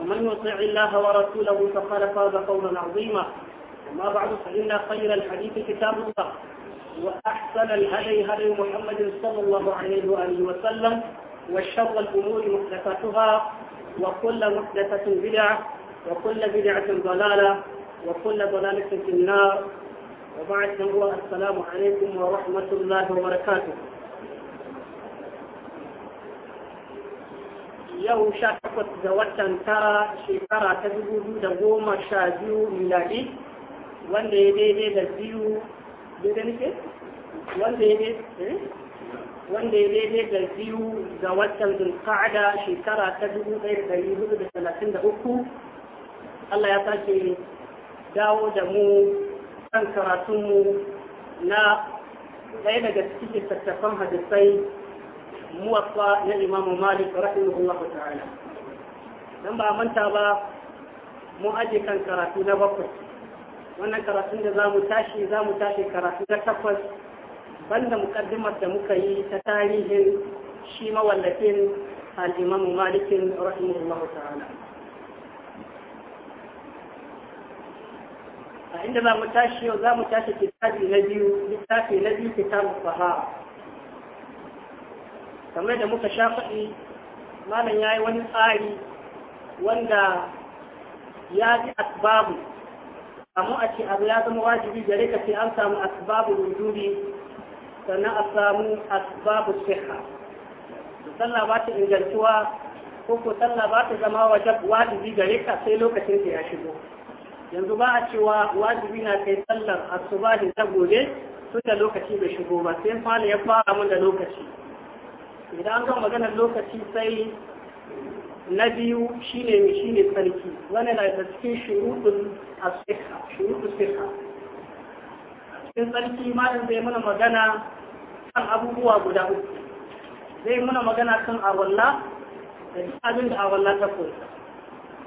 ومن يطع الله ورسوله فقد فاز قولا عظيما أما بعد فإن خير الحديث كتاب الله وأحسن الهدي هدي محمد صلى الله عليه وآله وسلم وشر الأمور محدثاتها وكل محدثة بدعة وكل بدعة ضلالة وكل ضلالة في النار وبعد هو السلام عليكم ورحمة الله وبركاته yau sha takwas ga watan tara shekara ta dubu biyu da goma sha biyu miladi wanda ya daidai da biyu daidai nake wanda ya daidai eh? wanda ya daidai da biyu ga watan zulqa'ada shekara ta dubu ɗaya da ɗari hudu da talatin da uku Allah ya sake dawo da mu kan karatunmu na ɗaya daga cikin tattafan hadisai موفى للإمام مالك رحمه الله تعالى لما من تابا مؤدي كان كراتي نبقر وانا كراتي ذا متاشي ذا متاشي كراتي ذا تفز بند مقدمة مكي تتاريه شيما والتين الإمام مالك رحمه الله تعالى عندما متاشي وزا متاشي كتابي نبيو كتابي نبيو كتاب الصحابة kamar da muka sha faɗi malam ya yi wani tsari wanda ya ji asbabu amma a ce abu ya zama wajibi gare ka sai an samu asbabu rujuri sannan a samu asbabu siha sallah ba ta ingantuwa ko ko sallah ba ta zama wajibi gare ka sai lokacin ta ya shigo yanzu ba a cewa wajibi na kai sallar asubahi ta gobe tun da lokaci bai shigo ba sai fara ya fara mun da lokaci idan an gama maganar lokaci sai na biyu ne mai ne sarki wani na da cikin shurutun asirka shurutun cikin sarki malam zai muna magana kan abubuwa guda uku zai muna magana kan awalla da abin da awalla ta koyi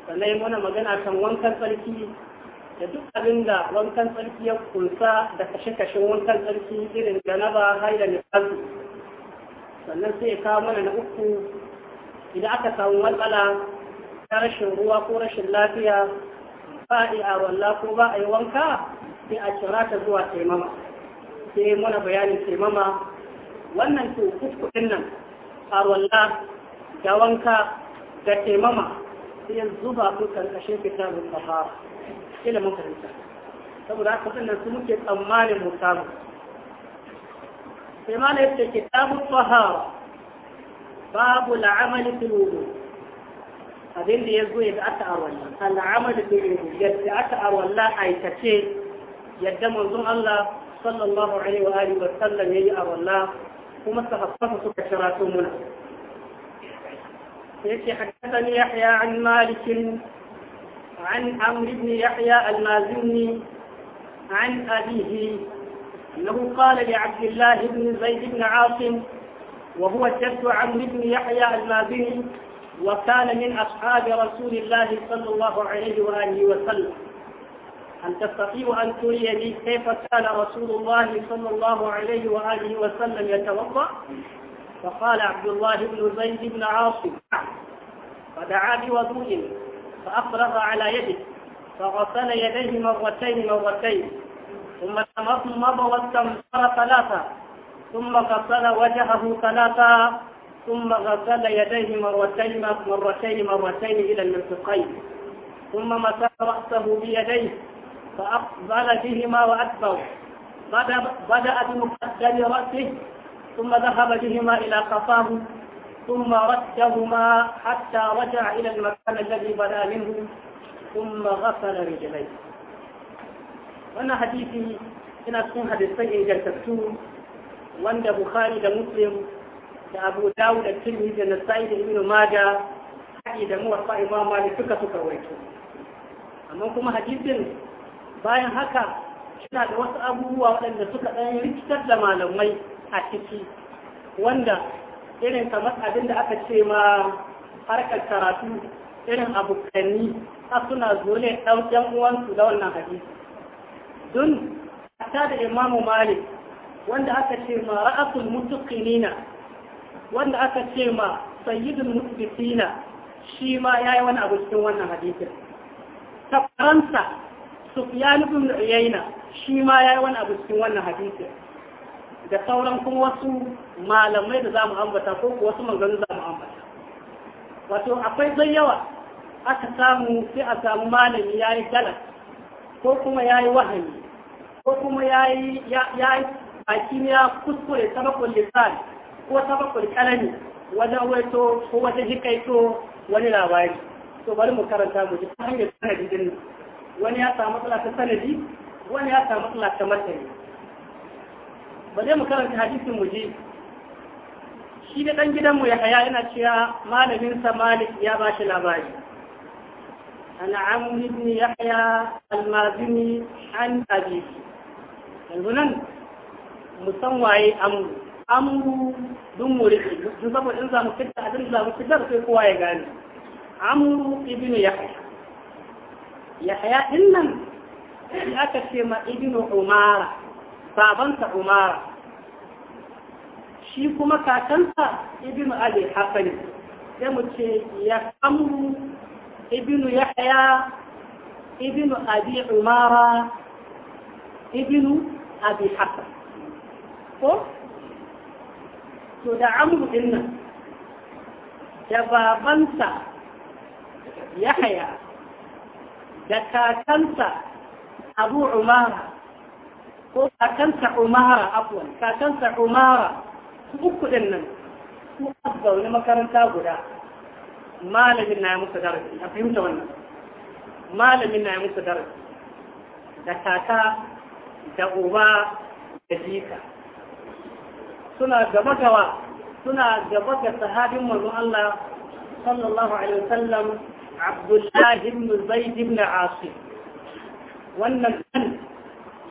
sannan yi muna magana kan wankan sarki da duk abin da wankan sarki ya kunsa da kashe-kashen wankan sarki irin janaba har da nifazi sannan sai ya kawo mana na uku idan aka samu matsala ta rashin ruwa ko rashin lafiya ba a yi arwalla ko ba a yi wanka sai a kira ta zuwa taimama sai mana bayanin taimama wannan to kuskudin nan arwalla da wanka da taimama sai ya zuba su karkashin fitar da ilimin karanta saboda haka sannan su muke tsammanin mu sai ma na yadda kitabu tsahara babu la'amali fil wudu abin da ya zo yadda aka arwalla al'amali fil wudu yadda aka arwalla aikace yadda manzon Allah sallallahu alaihi wa alihi wa sallam yayi arwalla kuma sahabbansa suka shirato muna يحيى حدثني يحيى عن مالك عن عمرو بن يحيى المازني an أبيه أنه قال لعبد الله بن زيد بن عاصم وهو جد عمرو بن يحيى المازني وكان من أصحاب رسول الله صلى الله عليه وآله وسلم هل تستطيع أن تري لي كيف كان رسول الله صلى الله عليه وآله وسلم يتوضأ؟ فقال عبد الله بن زيد بن عاصم فدعا بوضوء فأفرغ على يده فغسل يديه مرتين مرتين ثم تمضمض واستنصر ثلاثة ثم غسل وجهه ثلاثة ثم غسل يديه مرتين مرتين مرتين إلى المنطقين ثم مسح رأسه بيديه فأقبل بهما وأدبر بدأ بمقدم رأسه ثم ذهب بهما إلى قفاه ثم ردهما حتى رجع إلى المكان الذي بدأ منه ثم غسل رجليه wannan hadisi ina cikin hadisan ingantattu wanda bukhari da muslim da abu dawo da tirmidhi da nasa'i da ibnu maja haɗi da muwaffa imam malik suka suka rawaito amma kuma hadisin bayan haka suna da wasu abubuwa waɗanda suka ɗan rikitar da malamai a ciki wanda irin kamar abin da aka ce ma harkar karatu irin abokanni a suna zo ne ɗan uwansu da wannan hadisi don hatta da imamu malik wanda aka ce ma ra'asul mutuqinina wanda aka ce ma sayyidul mutbitina shi ma yayi wani abu cikin wannan hadisin ta faransa sufyan ibn uyayna shi ma yayi wani abu cikin wannan hadisin da sauran kuma wasu malamai da zamu ambata ko wasu manzanni zamu ambata wato akwai zai yawa aka samu sai a samu malami yayi dalas ko kuma yayi wahayi ko kuma ya yi a ya kuskure sabakon lisan ko sabakon kalami wajen waito ko wata jikaito wani labari to bari mu karanta mu ji ta hanyar sanadi din wani ya samu matsala ta sanadi wani ya samu matsala ta matsayi ba zai mu karanta hadisin mu ji shi da dan gidan mu ya haya yana cewa malamin sa Malik ya ba shi labari ana amr ibn yahya al-mazini an abi yanzu nan musan waye amuru amru dun wuri dun saboda in zamu fitta abin zamu fitta sai kowa ya gane amru ibnu yahya yahya din nan shi aka ce ma ibnu umara babansa umara shi kuma kakansa ibnu abi hasan sai mu ce ya amru ibnu yahya ibnu abi umara ibnu abi hasan ko to da amru din nan da babansa yahaya da kakansa abu umara ko kakansa umara afwan kakansa umara su uku din nan su zaune makaranta guda malamin na ya musu darasi a fahimta wannan malamin na ya musu darasi da kaka da uba da jika suna gaba gawa suna gaba ga sahabin manzo Allah sallallahu alaihi wasallam Abdullah ibn Zaid ibn Asim wannan kan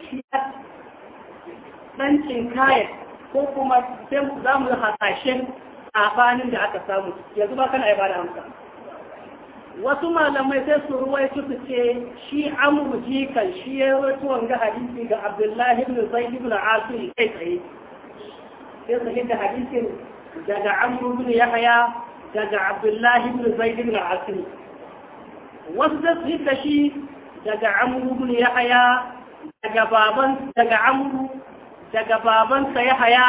shi dan cinkaya ko kuma za mu hasashen sabanin da aka samu yanzu ba kana ibada amsa wasu malamai sai su ruwai su ce shi amru jikan shi ya ruwaito wanga hadisi ga abdullahi ibn zaid ibn ya kai tsaye sai su hidda hadisin daga amru ibn haya daga abdullahi ibn zaid ibn asu wasu sai su hidda shi daga amru ibn haya daga baban daga amuru daga babansa haya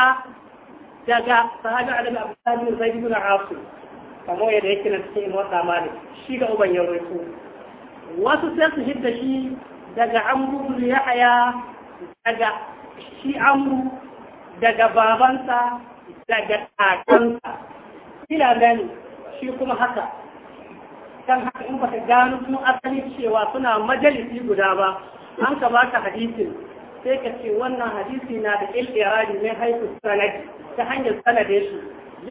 daga sahabi annabi abdullahi ibn zaid ibn asim kamar yadda yake na cikin imuwar tsamani shi ga uban ya ko wasu sai su hidda shi daga amru ya haya daga shi amru daga babansa daga kakansa ila gani shi kuma haka kan haka in baka gano sun asali cewa suna majalisi guda ba an ka baka hadisin sai ka ce wannan hadisi na da ilirari mai haifu sanadi ta hanyar sanade shi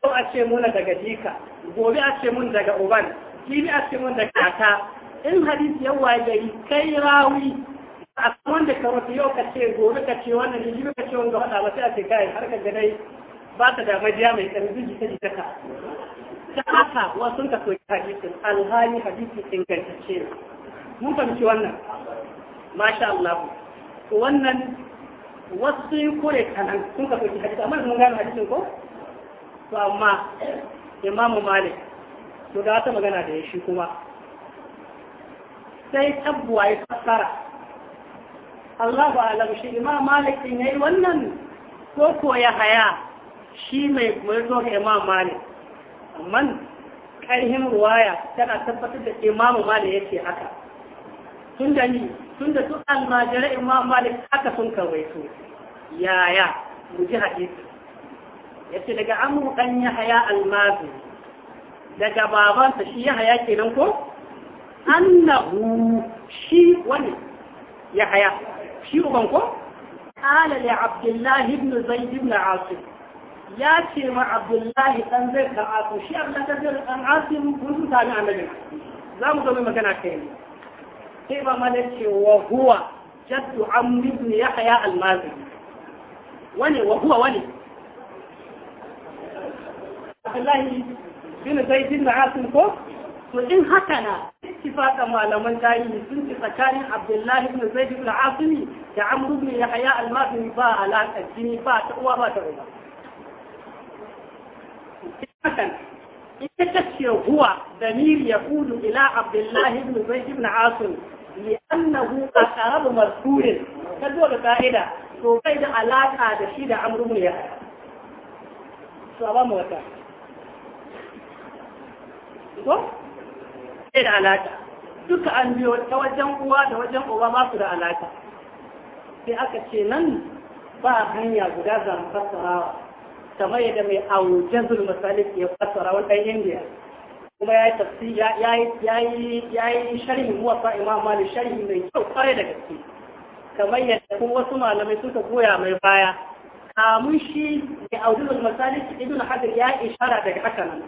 yau a ce muna daga jika gobe a ce mun daga uban jibi a ce mun daga kaka in hadisi yawa gari kai rawi a wanda ka wata yau ka ce gobe ka ce wannan jibi ka ce wanda wata ba sai a ce kai har ka ga dai ba ta da majiya mai karfi jita jita ka ta haka wasu ka soki hadisin alhali hadisi ingantacce mun fahimci wannan masha Allah wannan wasu kore kanan sun ka soki hadisi amma mun gano hadisin ko to amma imamu malik to da wata magana da ya shi kuma sai tabbuwa ya fassara Allah ba alam shi imam malik din yayi wannan ko ko ya haya shi mai mai zo ga imam malik amma karhin ruwaya tana tabbatar da imam malik yake haka tun da ni tun da su majara imam malik haka sun kawaito yaya mu ji hadisi yace daga amru dan yahya haya mazi daga babansa shi ya haya kenan ko annahu shi wani ya haya shi uban ko Alale Abdullahi ibn zaid ibn asim ya ce ma abdullah dan zaid ka asim shi abdullah dan asim kun sami annabi za mu zo magana kai ne sai ba mana ce wa huwa jaddu amri ibn yahya al-mazi wani wa huwa wani Abdullahi bin Zaid bin Asim ko to in haka na ittifaqa malaman tarihi sun ci tsakanin Abdullahi ibn Zaid ibn Asim da Amr bin Yahya al-Mazini ba alaka jini ba ta uwa ba ta uba hakan ta ce huwa damir ya kudu ila Abdullahi bin Zaid bin Asim لأنه أقرب ta dole ka'ida to kai da alaka da shi da amrun ya mota ko sai da alaka duka an biyo ta wajen uwa da wajen uba ba su da alaka sai aka ce nan ba hanya guda za mu fassarawa kamar yadda mai aujazul misali ya fassara wani ɗan indiya kuma ya yi tafsi ya yi sharhi muwafa imam malik sharhi mai kyau kwarai da gaske kamar yadda kuma wasu malamai suka goya mai baya kamun shi mai aujazul masalik ibn hajar ya ishara daga haka nan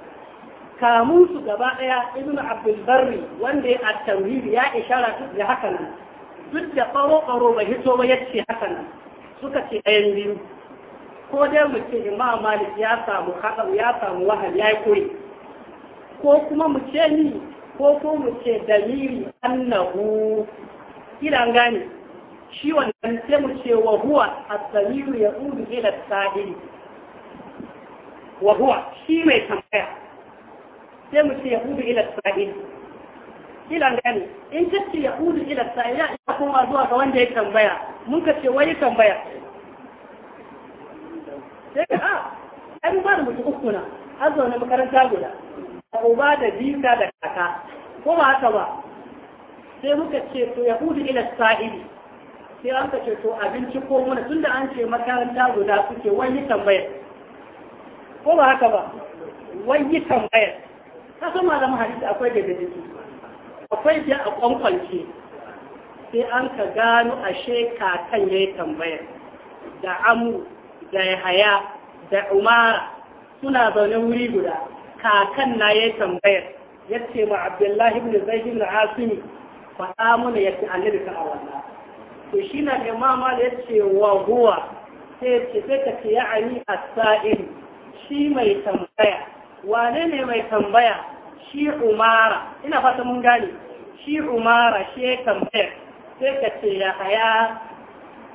kamun su gaba ɗaya ibn abdul barri wanda ya tawhid ya ishara da haka nan duk da ƙaro ƙaro bai hito ba yace haka nan suka ce ɗayan biyu ko dai mu ce imam malik ya samu haɗa ya samu wahal ya yi koyi ko kuma mu ce ni ko ko mu ce dalili annahu Idan gane shi wannan sai mu ce wa huwa at-dalilu ya'udu ila as-sa'il wa huwa shi mai tambaya sai mu ce ya hudu ila sa'il kila gani in ka ce ya hudu ila sa'il ya ina koma zuwa ga wanda ya tambaya mun ka ce wani tambaya sai ka a ah, an ba da mutu uku na an zaune makaranta guda uba da bisa da kaka ko ba haka ba sai muka ce to ya hudu ila sa'ili sai an ka ce to abinci ko mana tunda an ce makaranta guda suke wani tambaya. ko ba haka ba wani tambayar ka san malamin hadisi akwai da dalili akwai da a kwankwanci sai an ka gano ashe kakan yayi tambaya da amu da yahaya da umara suna zaune wuri guda kakan na yayi tambaya yace ma abdullahi ibn zaid ibn asim faɗa mana yace annabi ka a wannan to shi na da mama da yace wa huwa sai ce sai ka ce ya'ani as-sa'il shi mai tambaya wane ne mai tambaya shi umara ina fata mun gane shi umara shi ya tambaya sai ka ce ya haya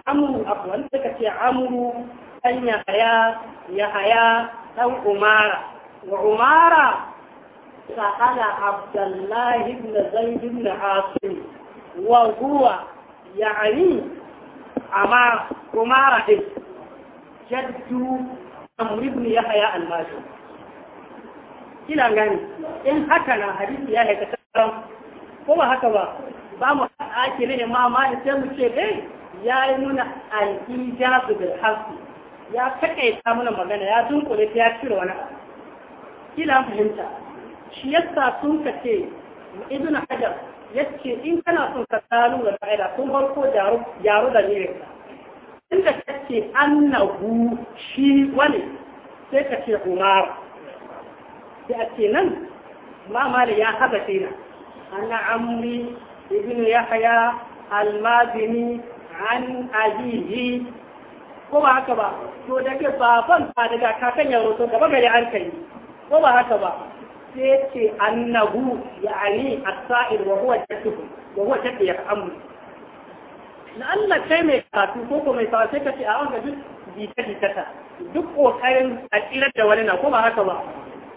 amuru abuwan sai ka ce amuru dan ya haya ya haya dan umara wa umara سأل عبد الله بن زيد بن عاصم وهو يعني عمار عمارة جد عمرو بن يحيى الماجد kila gani in haka na hadisi ya haika karam ko ba haka ba ba mu ake ne ma ma sai mu ce eh ya yi nuna al-ijazu bil haqqi ya takaita mana magana ya dunkule ta ya cire wani kila fahimta shi yasa sun ka ce ibn hajar yace in kana son ka da fa'ida sun farko jaru jaru da ne inda kace annahu shi wani sai ka ce umar sai a ce nan ma ya haɗa na ana amri ibn yahya almazini an ajihi ko ba haka ba to daga baban ba daga kakan yaro to gaba gari an kai ko ba haka ba sai ce annahu ya as-sa'il wa huwa jadduhu wa huwa jaddu ya amri la'alla kai mai karatu ko ko mai sawa sai ka ce a wanga duk jita jita duk kokarin a tsirar da wani na ko ba haka ba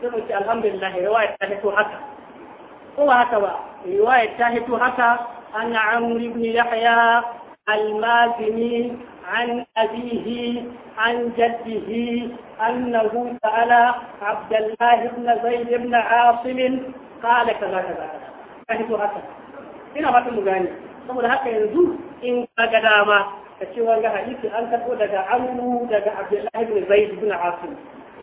رواية تهتو حكا أن عمرو بن يحيى المازني عن أبيه عن جده أنه سأل عبد الله بن زيد بن عاصم قال كذا كذا تهتو حكا هنا بات المغاني ثم لحق ينزو إن كدامة كشوان قال إيكي أنت تقول لك عمرو لك عبد الله بن زيد بن عاصم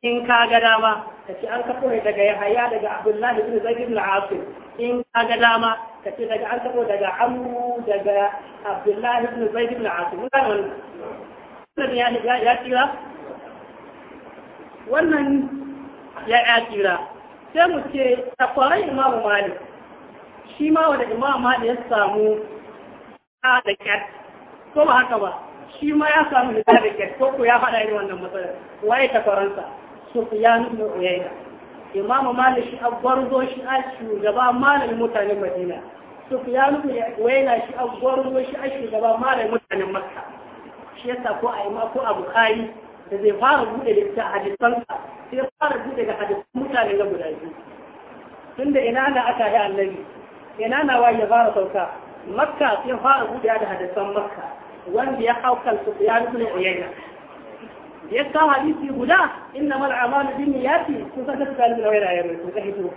in ka ga dama ka ce an kafo ne daga yahaya daga abdullahi bin zaid al asim in ka ga dama ka ce daga an kafo daga amru daga abdullahi bin zaid ibn asim wannan wannan ya ya tira wannan ya ya tira sai mu ce takwaran imamu malik shi ma wanda imamu malik ya samu ta da kyat ko ba haka ba shi ma ya samu da kyat ko ko ya faɗa irin wannan matsalar waye takwaransa sufyan ibn uyayna imamu malik shi agwarzo shi a shugaba malamin mutanen madina sufyan ibn uyayna shi agwarzo shi a shugaba malamin mutanen makka shi yasa ko a ima ko a bukhari da zai fara bude da hadisansa sai fara bude da hadisan mutane na guda biyu tunda ina na aka yi annabi ina na waye fara sauka makka sai fara bude da hadisan makka wanda ya hau kan sufyan ibn uyayna hadisi guda يكا حديثي غدا إنما الأعمال بالنيات كنت تسأل من وين أيام كنت هيتو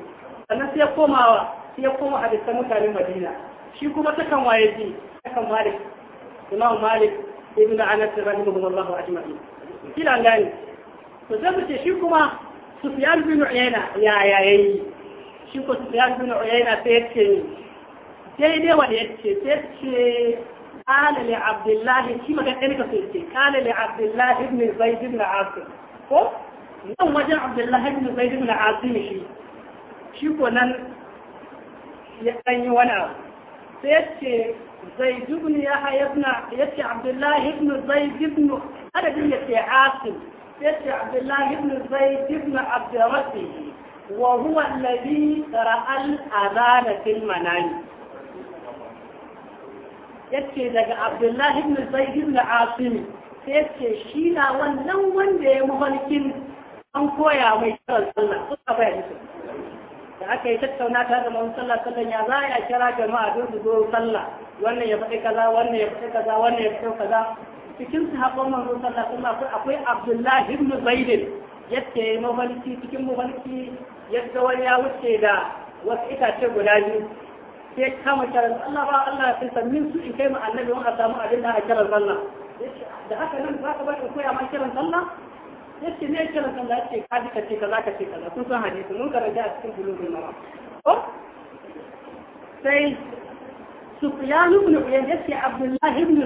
sannan sai komawa sai ya koma hadisan mutanen Madina shi kuma ta kan waye ji kan Malik Imam Malik ibn Anas rahimahullahu ajma'in kila gani to sai mu ce shi kuma Sufyan bin Uyayna ya ya yayi shi ko Sufyan bin Uyayna sai ya ce daidai wanda ya ce sai ce قال لعبد shi magana ɗaya ka so ce قال لعبد الله بن زيد بن عاصم ko nan wajen abdullahi ibn zaid ibn azim shi shi nan ya dan wani abu sai yace zaid ibn yahya ibn yace abdullahi ibn zaid ibn adadin yace asim yace abdullahi ibn zaid ibn abd rabbih wa huwa alladhi ra'a yake daga abdullahi ibn zaid ibn asim sai yake shi na wannan wanda ya mafarkin an koya mai kiran sallah ka bayani da aka yi tattauna ta da manzon sallah sallan ya za a kira jama'a don su zo sallah wannan ya faɗi kaza wannan ya faɗi kaza wannan ya faɗi kaza cikin sahabban manzon sallah sallah akwai abdullahi ibn zaid yake mafarki cikin mafarki yadda wani ya wuce da wasu itace guda biyu sai kama kiran Allah ba Allah ya fita min su in kai ma annabi wanda samu abin da a kiran sallah da haka nan za ka bari koya ma kiran sallah yace ne kiran sallah yace ka ji ka ce kaza ka ce kaza kun san hadisi mun karanta a cikin bulugul maram ko sai سفيان Ibn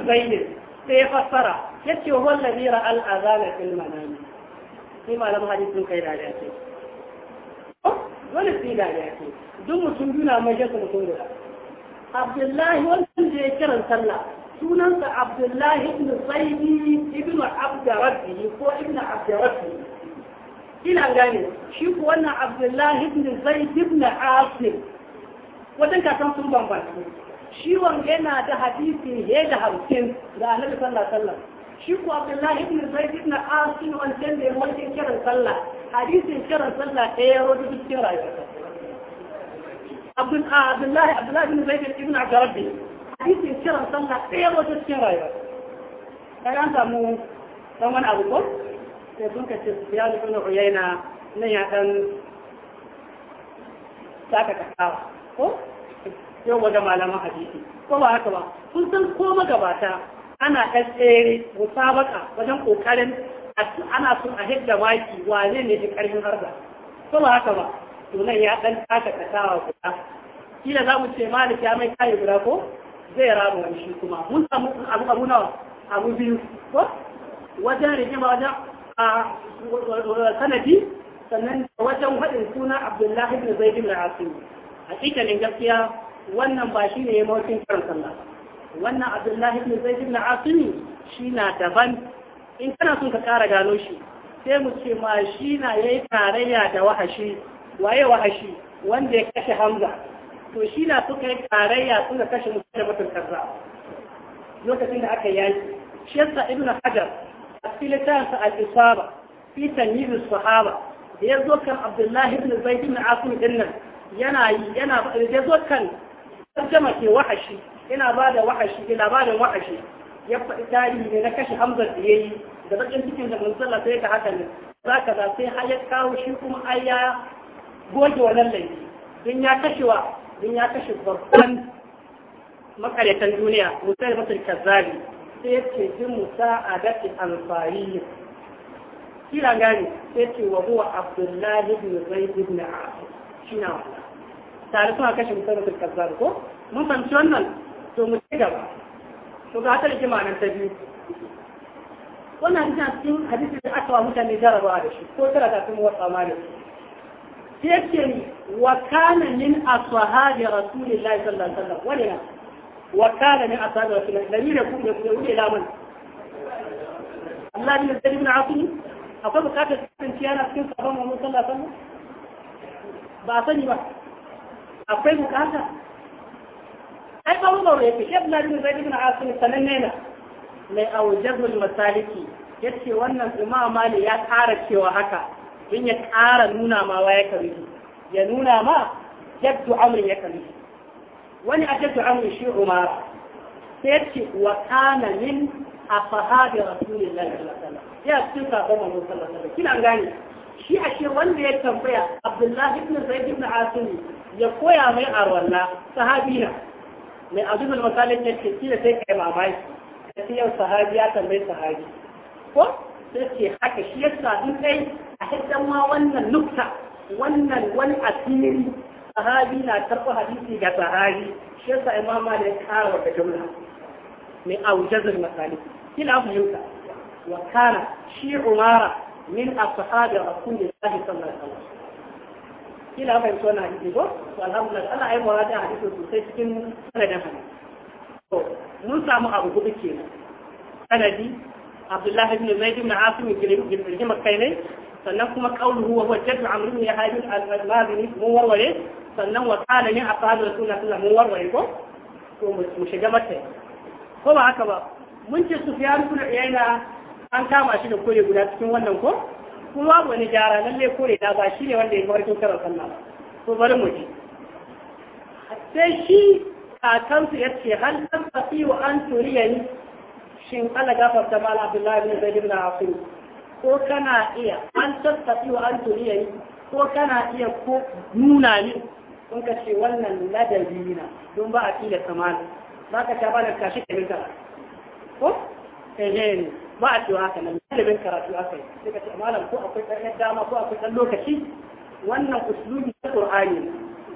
عيينة sai ya fassara زيد سيفسر يتي هو الذي رأى الأذان في المنام فيما لم حديث كيف عليه dole sai dariya ce duk mutum biyu na mai shakka mutum guda abdullahi wannan da ya kiran sallah sunansa abdullahi ibn saidi ibn abdarabbi ko ibn abdarabbi ina gane shi ko wannan abdullahi ibn zaid ibn asim wajen kasan sun bambanta shi wanga yana da hadisi ya da hamsin da annabi sallallahu alaihi wasallam shi ko abdullahi ibn zaid ibn asim wancan da ya wancan kiran sallah hadisin kiran sallah ɗaya ya rodo duk cikin rayuwa abdullahi abdullahi bin zaid ibn abdurrabbi hadisin kiran sallah ɗaya ya rodo cikin rayuwa kai an samu dan wani abu ko sai sun kace ya zo na uyaina nan ya dan saka kasawa ko yau ga malaman hadisi ko ba haka ba kun san ko magabata ana ɗan tsere musabaka wajen ƙoƙarin ana son a hidda maki wa zai ne fi ƙarfin harda ko ba haka ba to nan ya ɗan taka kasawa guda kila za mu ce malik ya mai kayi guda ko zai rabu wani shi kuma mun samu abu abu nawa abu biyu ko wajen rigima wajen a sanadi sannan wajen haɗin suna abdullahi bin zaid bin asim hakikalin gaskiya wannan ba shi ne ya mawacin kiran sallah wannan abdullahi bin zaid bin asim shi na daban in kana son ka kara gano shi sai mu ce ma shi na ya yi tarayya da wahashi waye wahashi wanda ya kashe hamza to shi na suka yi tarayya suna kashe mutum kaza lokacin da aka yaki shi yasa ibnu hajar a filatan sa al-isaba fi tamyiz sahaba da yazo kan abdullahi ibn zaid ibn asim nan yana yana da yazo kan tarjama ke wahashi yana bada wahashi labarin wahashi ya faɗi tarihi ne na kashe hamzar da ya yi da bakin cikin da manzala sai ka haka ne za ka za sai har ya kawo shi kuma ai ya goge wannan laifi don ya kashe wa don ya kashe babban makaratan duniya musa da masar kazzali sai ya ce bin musa a dakin alfari kira gani sai ce wa huwa abdullahi ibn zaid ibn abu shi na wannan tare suna kashe musa da batul kazzali ko mun fahimci wannan to mu ci gaba to ga ta rigima nan ta biyu wannan hadisi a cikin hadisi da aka wa mutane jarabawa da shi ko tara ta kuma wasa ma da shi yake ni wa kana min ashabi rasulillahi sallallahu alaihi wasallam wani na wa kana min ashabi rasulillahi da ni da ku da ku da lamun Allah ne da ibn Asim akwai bukatar kasance yana cikin sabon wa sallallahu alaihi wasallam ba sani ba akwai bukata ai ba mu ne fi shek na bin zaid ibn asim sananne na mai aujabul masaliki yace wannan imam mali ya ƙara cewa haka in ya ƙara nuna ma waya karihi ya nuna ma jaddu amrin ya karihi wani a jaddu amrin shi umara sai yace wa kana min afahabi rasulillahi sallallahu alaihi wasallam ya cikin sabon manzo sallallahu alaihi wasallam kina gane shi a ashe wanda ya tambaya abdullahi ibn zaid ibn asim ya koya mai arwalla na. mai azubul misalin ya ce shi da sai kai mamaki ya ce yau sahabi ya tambayi sahabi ko sai ce haka shi ya sa in kai a hidan ma wannan nukta wannan wani asiri sahabi na karɓo hadisi ga sahabi shi ya sa imama da ya kawo da jumla mai aujazul misalin kina fahimta wa kana shi umara min a ashabi rasulillahi sallallahu alaihi wasallam kila fahimci wannan hadisi ko to alhamdulillah Allah ayi muraja hadisi sosai cikin sanadin hadisi to mun samu abu hudu kenan sanadi Abdullah ibn Zaid ibn Asim ibn kai ne sannan kuma qauluhu wa huwa jaddu amr ibn Yahya al-Mazini mun warware sannan wa qala min aqadu rasulullah sallallahu mun warware ko to mu shiga mata ko ba haka ba mun ce Sufyan ibn Uyayna an kama shi da kore guda cikin wannan ko kuma wani nan lalle kore da ba shi ne wanda ya warkin karar sannan ko to bari mu ji sai shi kakansu ya ce hal fi wa an turiya ni shin Allah gafarta mal Abdullahi bin Zaid bin Asim ko kana iya an tafi wa an turiya ni ko kana iya ko nuna ni kun ka ce wannan ladabi na don ba a kila samani ba ka ta ba da kashi kamar ko ehe ne ba a cewa haka nan ilimin karatu aka yi sai ka ce malam ko akwai ɗan dama ko akwai ɗan lokaci wannan uslubi na qur'ani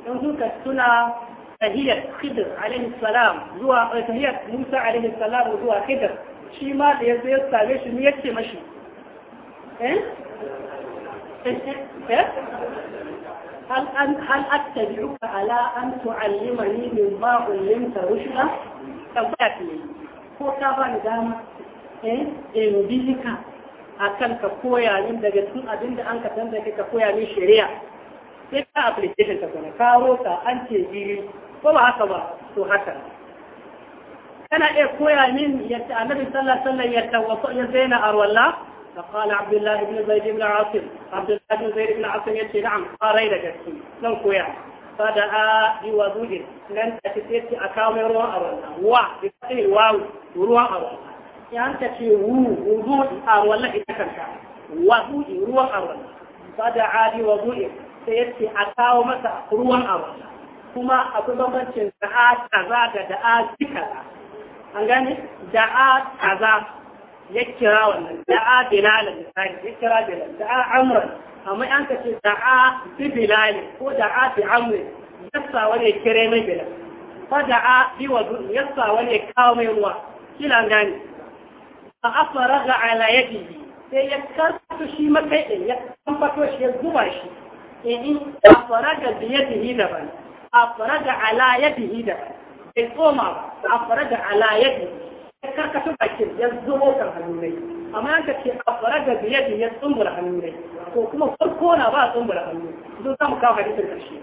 in kuka tuna tahiyar khidr alaihi salam zuwa eh, tahiyar musa alaihi salam zuwa khidr shi ma da ya zo ya same shi ne yace mashi eh eh هل أن هل أتبعك على أن تعلمني مما علمت رشدا؟ ko هو كفى dama. eh bi akan ka koya min daga tun abin da an ka san da ka koya min shari'a sai ka application ta kuma ka an ce ko ba haka ba to haka kana iya koya min yadda annabi sallallahu alaihi wasallam ya tawaffa ya zaina arwalla فقال عبد الله بن زيد بن عاصم عبد الله بن زيد بن عاصم يتي نعم قاري لك لن ruwan ruwan yan ta ce wudu arwallah ita kanta wudu ruwan arwallah bada ali wudu sai yace a kawo masa ruwan arwallah kuma akwai bambancin da'a kaza da da'a kaza an gane da'a kaza ya kira wannan da'a bilal misali ya kira bilal da'a amran amma an ta ce da'a bi bilal ko da'a bi amr yassa wani kire mai bilal fa da'a bi wadu yassa wani kawo mai ruwa kila gani. fa afaraga ala yadihi sai ya karfafa shi makai din ya kamfato shi ya zuba shi eh, in afaraga bi yadihi daban afaraga ala yadihi daban bai tsoma ba afaraga ala yadihi ya karkato bakin ya zubo kan hannu ne amma ka ce afaraga bi yadihi ya tsumbura hannu ne ko kuma farko na ba tsumbura hannu zo za mu kawo hadisin karshe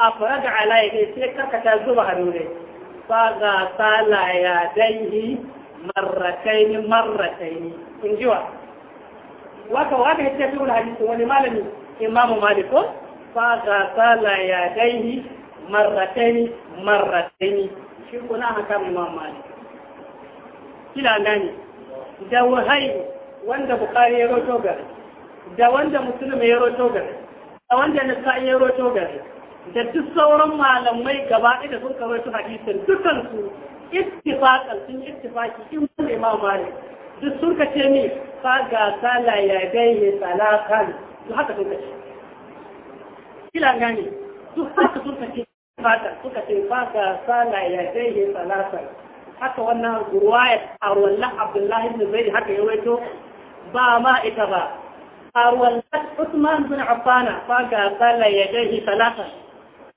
afaraga ala yadihi sai karkata zuba hannu ne fa ga sala ya daihi marrataini marrataini in ji wa waka waka ya tafi wani hadisi wani malami imamu maliko fa ga sala ya daihi marrataini marrataini shi kuna haka imamu maliko kila gani da wahai wanda bukari ya roto gari da wanda musulmi ya roto gari da wanda nasa'i ya roto gari da duk sauran malamai gaba ɗaya da sun su hadisin dukansu ittifaqan sun ittifaqi in kun ma malik duk sun kace ni fa ga sala ya dai gaye salakan to haka sun kace kila gani duk haka sun kace fata suka ce fa ga sala ya dai gaye salakan haka wannan ruwayat arwallah abdullah ibn zaid haka ya waito ba ma ita ba arwallah usman bin affana fa ga sala ya dai gaye salakan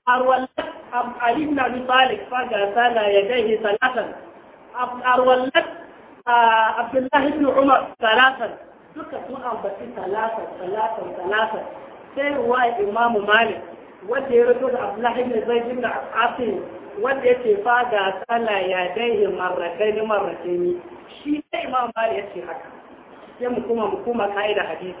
arwallah ali علي بن talib طالب ga sala يديه gaye arwallat abdullahi ibn umar salatan duka sun ambaci salatan salatan salatan sai ruwaya imamu malik wanda ya rito da abdullahi ibn zaid ibn asim wanda ya ce fa ga ya dai marrakai ni marrakai ni shi sai imamu malik ya ce haka sai mu kuma ka'ida hadisi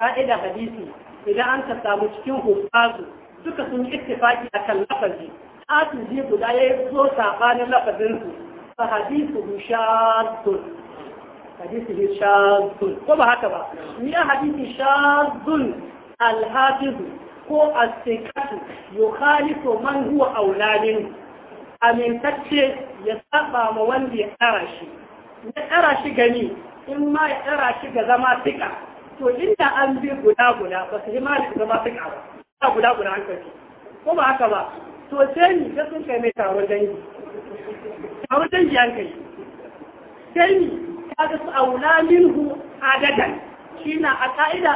ka'ida hadisi idan an ka samu cikin hufazu duka sun a kan akan lafazi ta guda ya zo sabanin lafazinsu فحديثه شاذ حديثه شاذ وما هكذا يا حديث شاذ الحافظ ko asikatu yukhalifu man huwa aulalin amintacce ya saba ma wanda ya tsara shi ya tsara shi gani in ma ya shi ga zama to inda an bi guda guda ba su yi ma zama fika ba guda guda an ko ba haka ba to sai ni sai sun kai mai taron dangi kamar dan shi an kai sai ni kaga su aula minhu adadan shine a ka'ida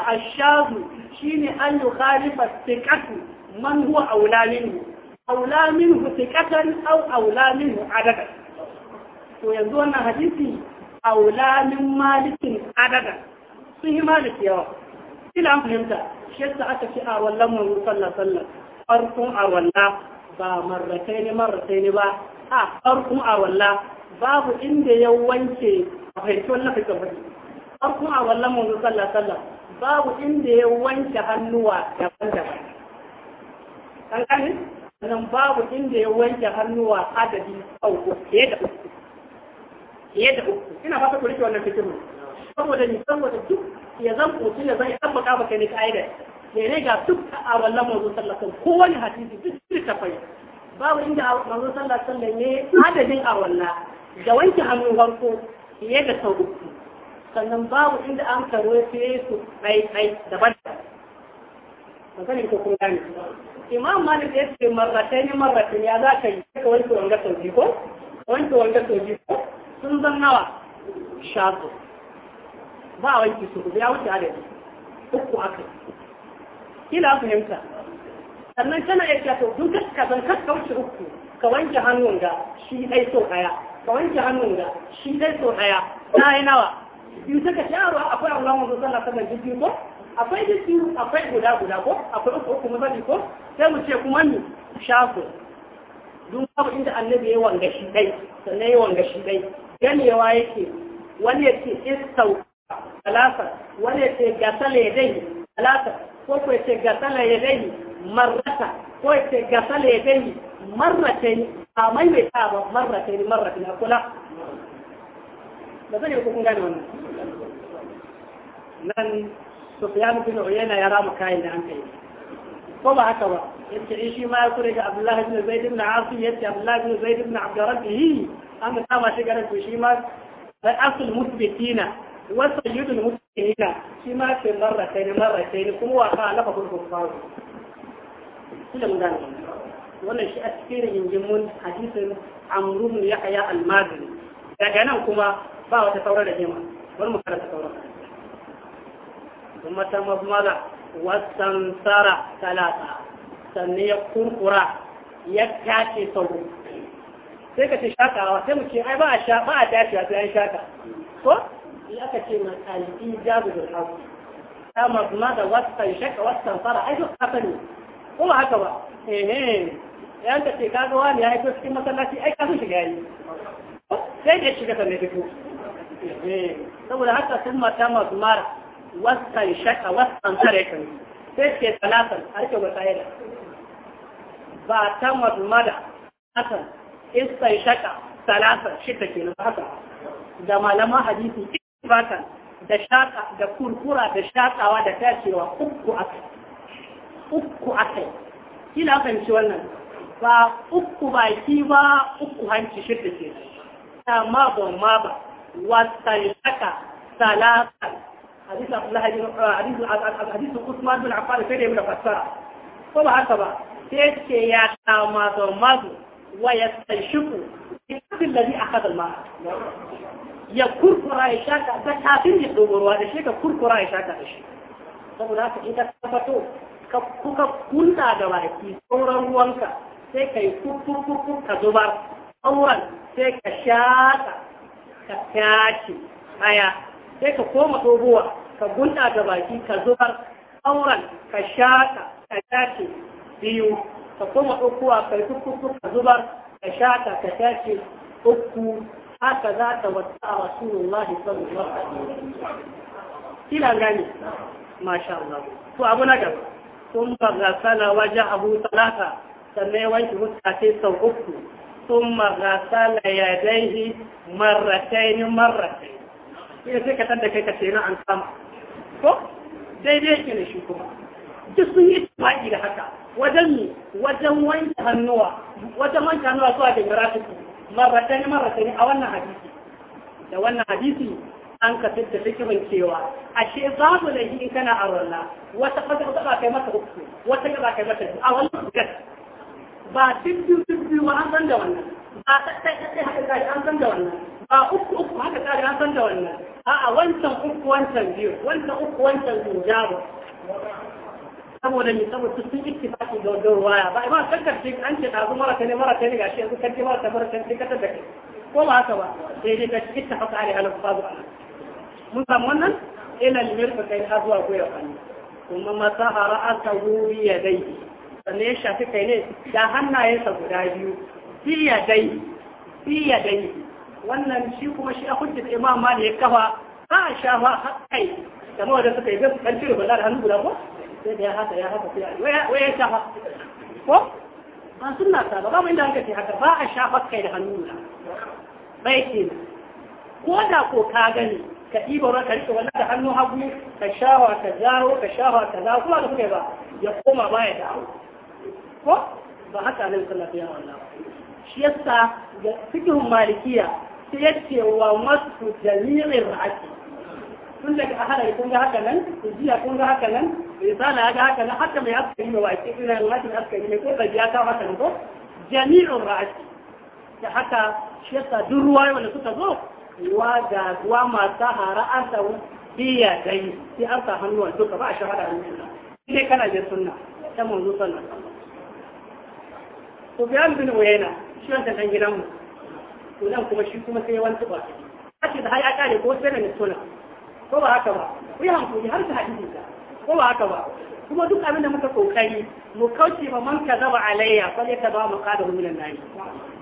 shi ne an yukhalifa thiqatu man huwa aula minhu aula minhu thiqatan au aula minhu adadan to yanzu wannan hadisi aula min malikin adadan sun yi maliki yawa ila an fahimta shi yasa aka ci a wallan mu sallallahu alaihi farkon a walla ba marratai ne marratai ne ba a farko a walla babu inda ya wanke a fahimci wannan fahimci wani farko a walla mun sallah sallah babu inda ya wanke hannuwa daban daban kan gani nan babu inda ya wanke hannuwa adadi uku fiye da uku fiye da uku ina fata ku rike wannan fikiru saboda ni saboda duk ya zan kotu ya zan tabbata kai ne ka aida ne ne ga duk a wallan manzo sallallahu alaihi wasallam hadisi duk ta tafai babu inda manzo sallah sallah wasallam ne adadin walla da wanke hannun farko fiye da sau uku sannan babu inda an karo fiye su ɗai ɗai daban masanin ko kun gane imam malik ya ce marratai ne marratai ne za ka yi ka wanke wanga sau biyu ko wanke wanga sau biyu ko sun zan nawa shazo ba a wanke su ya wuce adadi uku aka kila fahimta sannan tana ya ce to duk ka zan ka wuce uku ka wanke hannun ga shi dai so daya ka wanke hannun ga shi dai so daya ta yi nawa biyu suka aro akwai Allah wanzu sallah sallah jiki ko akwai jiki akwai guda guda ko akwai uku uku mabali ko sai mu ce kuma ni shafu duk babu inda annabi ya wanga shi dai sannan ya wanga shi dai ganewa yake wani ya ce istau talata wani ya ce gasale ya dai talata ko ko ya ce gasale ya dai marrata ko ce gasa lefeni marrata ne a maimaita ba marrata ne marrata ne a kula da zane ko kun gane wannan nan Sufyan bin Uyayna ya rama kayan da an kai ko ba haka ba yace eh, shi ma ya kure ga Abdullah bin Zaid ibn Asim yace Abdullah bin Zaid ibn Abdurrabbihi an kama shi garin to shi ma sai asul musbitina wa sayyidul musbitina shi ma sai marra sai marra sai kuma wa ka lafa kurkun faru kila mun wannan shi a cikin rigingimun hadisin amru bin yahya al-madini daga nan kuma ba wata saurar da jima bari mu karanta sauran kuma ta mazmala wasan sara talata sannan ya kurkura ya tace sauro sai ka ce shakawa sai mu ce ai ba a sha ba a tashi a sai shaka ko in aka ce ma talibi jazu da hawo ta mazmala wasan shaka wasan sara ai duk haka ne kuma haka ba ehe yan ta ce ga wani ya haifo cikin masallaci ai ka shiga yi sai da shiga sanne fito saboda haka sun mata masu mara wasan shaka wasan tare kan sai ke talatan a ke wata yada ba ta masu mara haka iskan shaka talatan shida ke haka da malaman hadisi ta da shaka da kurkura da shakawa da tashewa uku aka uku akai kila kan ci wannan ba uku baki ba uku hanci shidda ke amma ba ma ba wasalaka salatan hadisi abdullahi bin uh, hadisi uh, uh, hadisi usman bin affan sai da ya fassara ko ba haka ba sai ce ya kama da ba. wa ya yastanshiku kafin da zai akadal ma ya kurkura ya shaka ta kafin ya dogo ruwa da shi ka kurkura ya shaka da shi saboda haka in ka tabbato ka kuka kunna da baki sauran ruwanka sai ka yi kukurkuku ka zubar sauran sai ka shaƙa ka tashi aya sai ka koma tobuwa ka gunna da baki ka zubar sauran ka shaƙa ka tashi biyu ka koma ɗaukowa ka yi kukurkuku ka zubar ka shaƙa ka tashi uku haka za ta wata a rasulullahi sallallahu alaihi wasallam kila gani masha Allah to abu na gaba sun ba gasala waje abu talata sannan ya wanke huska ce sau uku sun ma gasala ya daihi marratai ni marratai ina sai ka tanda kai ka ce na an kama ko daidai yake ne shi kuma duk sun yi tufaɗi da haka wajen mi wajen wanke hannuwa wajen wanke hannuwa zuwa da mirafiku marratai ni marratai a wannan hadisi da wannan hadisi an ka fitta fikirin cewa ashe babu laifi in kana a rolla wata fata wata ba kai mata uku. wata ba kai mata a wannan gas ba tibbi tibbi ma an san da wannan ba ta ta ta haka kai an san da wannan ba uku uku haka kai an san da wannan a'a wancan uku wancan biyu wancan uku wancan biyu jabo saboda mi saboda sun ittifaqi da wannan waya ba ba sakar shi an ce da mara kai mara kai gashi yanzu kaje mara kai mara kai ka ta da ko ba haka ba sai dai ka ittifaqa alai al-fadu mun samu wannan ila kai har zuwa gwiwa hannu kuma ta wuri ya dai. sannan ya shafi kai ne da sa guda biyu fi dai. fi dai. wannan shi kuma shi a hujjar imam mali ya kafa Ba a shafa har kai kamar wanda suka yi zai su kan cire bala da hannu guda ko sai da ya haka ya haka sai wai ya shafa ko an sunna ta ba babu inda an kace haka ba a shafa kai da hannu guda bai ke ko da ko ka gani كتيبه راك ريتو ولا تحنو حبو كشاه وكذا وكشاه وكذا كل هذا كذا يقوم ما يدا هو فهكا لن تلاقيا ولا شيء سا فيهم مالكية سيأتي ومسك جليل الرعاتي كل لك أحد يكون هكا لن يجي يكون هكا لن يسال هكا لن حتى ما يبقى إيما وعيتك إن الله ما يبقى إيما كل بجياتا وحكا لنطو جميع الرعاتي حتى شيء سا دروا ولا ستا ذوق waga wa mata hara an tawo biya dai sai an sa hannuwan duka ba a shahada ne sai kana je sunna ta manzo sunna to bi an bin Uyayna shi wanda gidan mu to dan kuma shi kuma sai wani tuba kace da haya kare ko sai ne sunna ko ba haka ba ku yi hankali har ta hadisi ta ko ba haka ba kuma duk abin da muka kokari mu kauce ma man kazaba alayya fa yakaba maqadahu minan nayi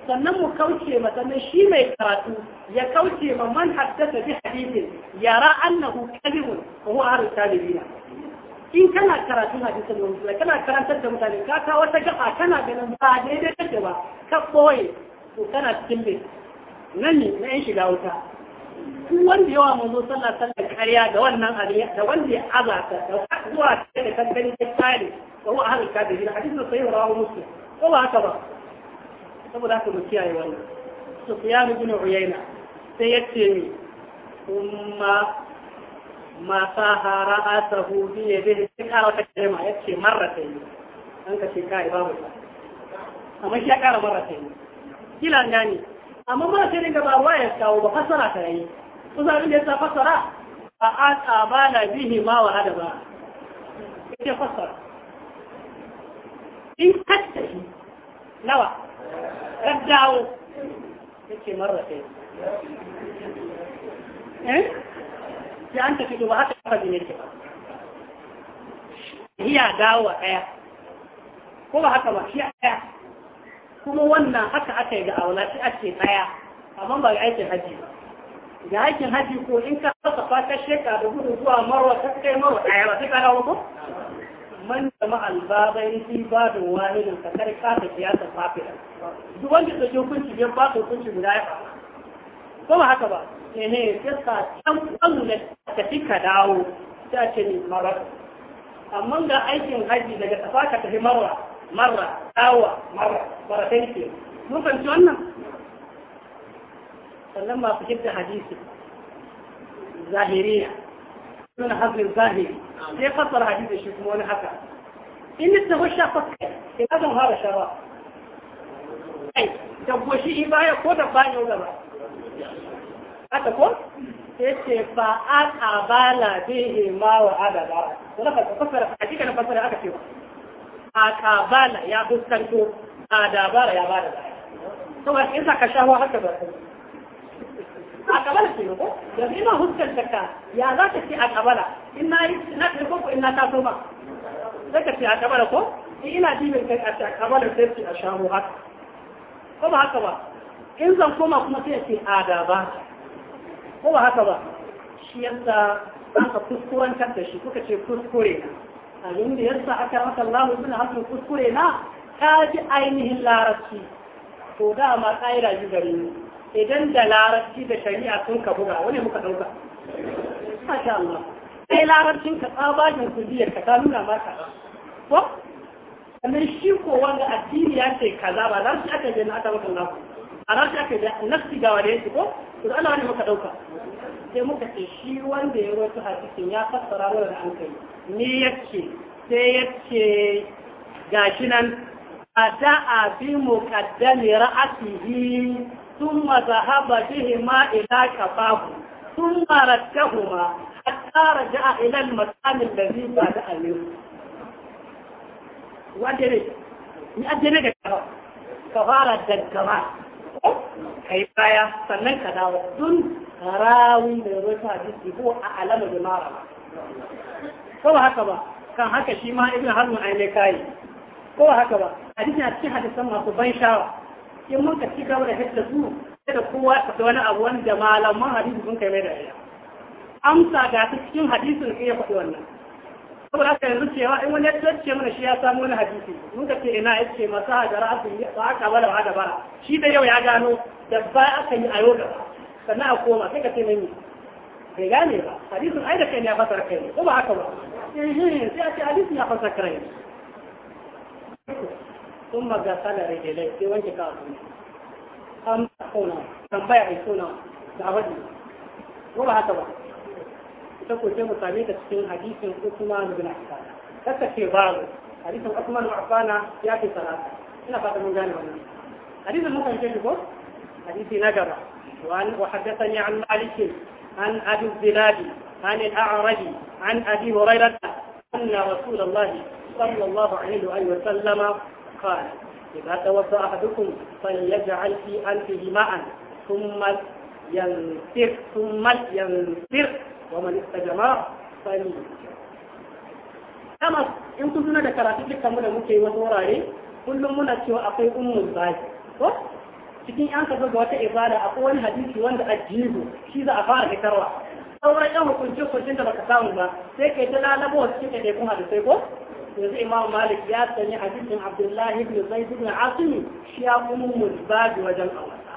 sannan mu kauce ma sannan shi mai karatu ya kauce ma man haddasa bi hadithin yara annahu kalihun wa huwa ahlul talibina in kana karatun hadisin musulmi kana karantar da mutane ka kawo wata gaba kana ganin ba daidai kake ba ka boye to kana cikin bai nan ne na yan shiga wuta ku wanda yawa mun zo sallah sallah kariya da wannan abin da wanda ya azata da zuwa da kan gani ta kare wa huwa ahlul talibina hadisin sahih rawahu muslim ko ba haka ba saboda haka mu kiyaye wannan sufyan ibn uyayna sai yace ni umma ma saha ra'atahu bi yadihi sai kara ta kema yace marratayn an ka ce kai babu ta amma shi ya kara marratayn kila gani amma ba sai daga ba ya kawo ba fasara ta yi kusa abin da ya fasara a a bana bihi ma wa hada ba ita fasara in kattahi nawa raddawo yake marar sai eh sai an tafi duba haka kafa ne ke hiya dawo daya ko ba haka ba shi daya kuma wannan haka aka yi da aula shi ake daya amma ba ga aikin haji ga aikin haji ko in ka fasa fata sheka da gudu zuwa marwa ta kai marwa daya ba sai ka dawo ko man jama albabai fi babin wahidin ka kar ka ta siyasa fafira duk wanda ta ji hukunci biyar ba ka hukunci guda ya fara ko ba haka ba eh ne sai ka san kan da ka tika dawo ta ce ni marar amma ga aikin haji daga tafa ka tafi marra marra dawa marra baratai ke mun fahimci wannan sannan masu hidda hadisi zahiriya ibn hazm zahiri sai fassara hadisi shi kuma haka in littafin shafa ina zan fara shara kai da goshi ibaya ko da bayan gaba haka ko sai ce fa a qabala bihi ma wa adada wala ka fassara hakika na fassara aka ce a qabala ya a dabara ya bada ba a kabala ce ko yanzu ina huskanta ka ya za ka ce a kabala in na yi na karko ko in na taso ba sai ka ce a kabala ko in ina dibin kai a kabala sai ce a shamu haka ko ba haka ba in zan koma kuma sai ce adaba ko ba haka ba shi yasa za ka kuskurantar da shi kuka ce kuskure na abin da yasa aka maka Allah ibn Hasan kuskure na ka ji ainihin larabci to dama ƙa'ira ji gare ni idan da larabci da shari'a sun ka buga wani muka dauka masha Allah sai larabcin ka tsabajin biyar ka ta nuna maka ko kamar shi ko wanda addini ya ce kaza ba za su aka je na aka maka naku a za su aka je nafsi ga wani yake ko to Allah wani muka dauka sai muka ce shi wanda ya rawaito hadisin ya fassara mana da an kai ni yake sai yake gashi nan a da'a mu muqaddami ra'atihi ثم ذهب بهما إلى كفاه ثم ركهما حتى رجع إلى المكان الذي بعد أمير وأدري أدري كفارة الجماعة kai baya sannan ka dawo tun rawi mai rota hadisi ko a alama da mara ko ba haka ba kan haka shi ma ibn harun aine kai ko ba haka ba hadisi a cikin hadisan masu ban sha'awa in mun ka ci gaba da hidda su da kowa ka wani abu wanda malaman hadisi sun kai mai da iya amsa ga su cikin hadisin sai ya faɗi wannan saboda haka yanzu cewa in wani ya ce mana shi ya samu wani hadisi mun ka ce ina ya ce masu hajara asu ba aka bala ba da bara shi da yau ya gano da ba aka yi a yau gaba sannan a koma sai ka ce mai bai gane ba hadisin ai da kai ne ya fasara kai ne ko ba haka ba eh, eh, eh, sai a ce hadisin ya fasara kai ne ثم غسل رجليه sai wanke kafin an kauna tambaya ai kauna da wadi ko ba haka ba ita ko sai mu same ta cikin hadisin Uthman ibn Affan kaka ce babu hadisin Uthman ibn Affan ya fi salata ina fata mun gane kan hadisi na gaba وحدثني عن مالك عن ابي الزناد عن الاعرج عن ابي هريره ان رسول الله صلى الله عليه وسلم قال إذا توضى أحدكم فليجعل في أنفه ماء ثم ينفر ثم ينفر ومن استجمع فليجعل kama in kun suna da karatu dukkan mu da muke yi wasu wurare kullum muna cewa akwai ummul baki ko cikin yan kafa ga wata ibada akwai wani hadisi wanda ajibu shi za a fara fitarwa sauran yan hukunci hukuncin da baka samu ba sai kai ta lalabo wasu cikin ɗaiɗaikun hadisai ko yanzu imam malik ya sanya hadisin abdullahi ibn zaid ibn asim shi ya kuma mulbabi wajen awasa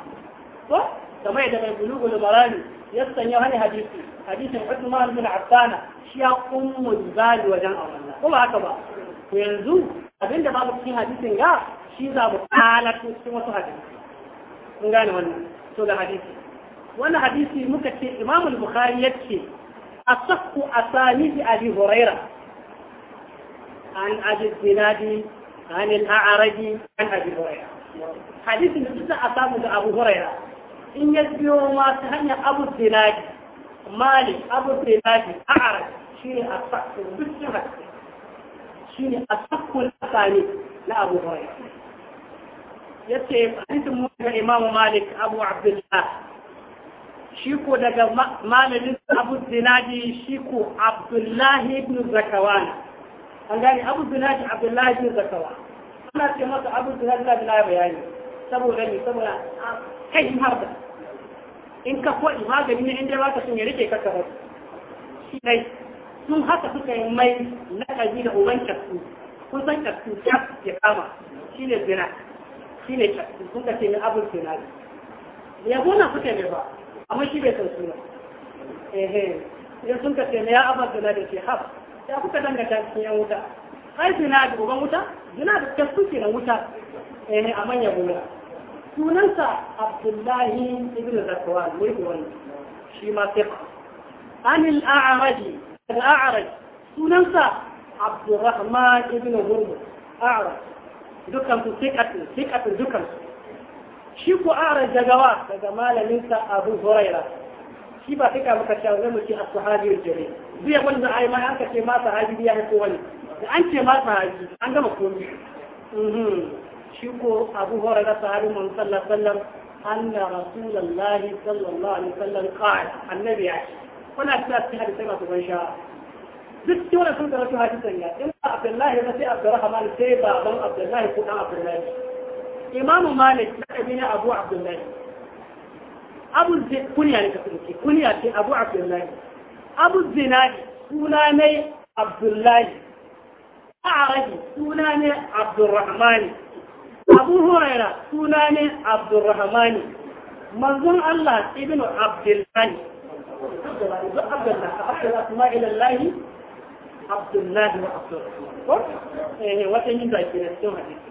ko kamar yadda mai bulugul marani ya sanya wani hadisi hadisin usman ibn affana shi ya kuma mulbabi wajen awasa ko ba haka ba yanzu abinda babu cikin hadisin ga shi za mu kala cikin wasu hadisi kun gane wannan to ga hadisi wannan hadisi muka ce imam al-bukhari yace asakku asanidi abi hurairah عن أبي الزناد عن الأعرج عن أبي هريرة حديث نفسه أصابه أبو هريرة إن يسبيه ما سهل أبو الزناد مالي أبو الزناد أعرج شيني أصح بالشهر شيني أصح الأساني لأبو هريرة yace hadisin mu إمام مالك أبو عبد الله شيكو دقا daga malamin Abu Zinadi shi ko Abdullah ibn Zakawana an gane abu zinadi abdullahi bin zakawa ana ce masa abu zinadi na bila bayani saboda ne saboda kai in harba in ka ko kwaɗi magani ne inda ba ka sun ya rike ka ka rasu shi dai sun haka suka yi mai na laƙabi da uban kyakku kun san kyakku ya kama shi ne zina shi ne kyakku sun ka ce ni abu zinadi yabo na suka ne ba amma shi bai san suna ehe idan sun ka ce ni ya abu zinadi ke haɓa da kuka dangata cikin wuta ai zina da uban wuta zina da kasu ke nan wuta eh a manyan wuta sunansa abdullahi ibn zakwan ne ko wani shi ma fiqa an al-a'raji al-a'raj sunansa abdurrahman ibn hurmuz a'raj dukan su fiqatu fiqatu dukkan. shi ko a'raj daga wa daga malamin sa abu hurairah shi ba fiqa muka cewa ne mu ci as-sahabi al-jalil biya wanda ai ma aka ce ma sahabi biya ko wani da an ce ma sahabi an gama komai mhm. shi ko Abu Hurairah sahabi mun sallallahu alaihi wasallam anna rasulullahi sallallahu alaihi wasallam qala annabi ya ce wannan ta a cikin hadisai masu ban sha'a. duk cikin sun karatu hadisan ya in ba Abdullahi ba sai Abdurrahman sai baban Abdullahi ko dan Abdullahi Imamu Malik na ibn Abu Abdullahi Abu Zayd kunya ne ka kunci kunya ce Abu Abdullahi abu zinari suna ne abdullahi a'arabi suna ne abdurrahmani abu huraira suna ne abdurrahmani manzon allah ibn abdullahi abdullahi wa abdullahi eh, wata yin na cikin hadisi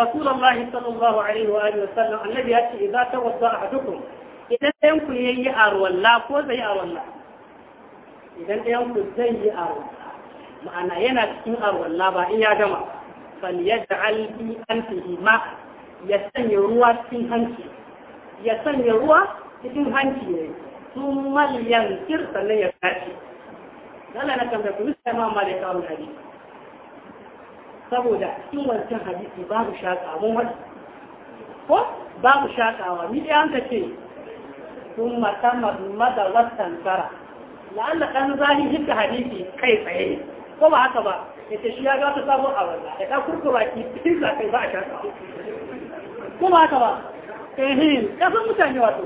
رسول الله صلى الله عليه وآله وسلم الذي توضأ idan ɗayan ku ya yi arwalla ko zai yi arwalla idan ɗayan ku zai yi arwalla ma'ana yana cikin arwalla ba in ya gama fal yadda alfi an ma ya sanya ruwa cikin hanci ya sanya ruwa cikin hanci ne sun maliyan kir sannan ya tashi dala na kan da ku sai ma ma da kawo hadisi saboda cikin wancan hadisi babu shaka mun wani ko babu shakawa ni dai an ka ce sun makamar mada watan tsara la'alla ɗan zahihin da hadisi kai tsaye ko ba haka ba ya ce shi ya ga ta samun a wanda Da ɗan kurkura ki cikin zakai ba a sha ko ba haka ba ehin ya san mutane wato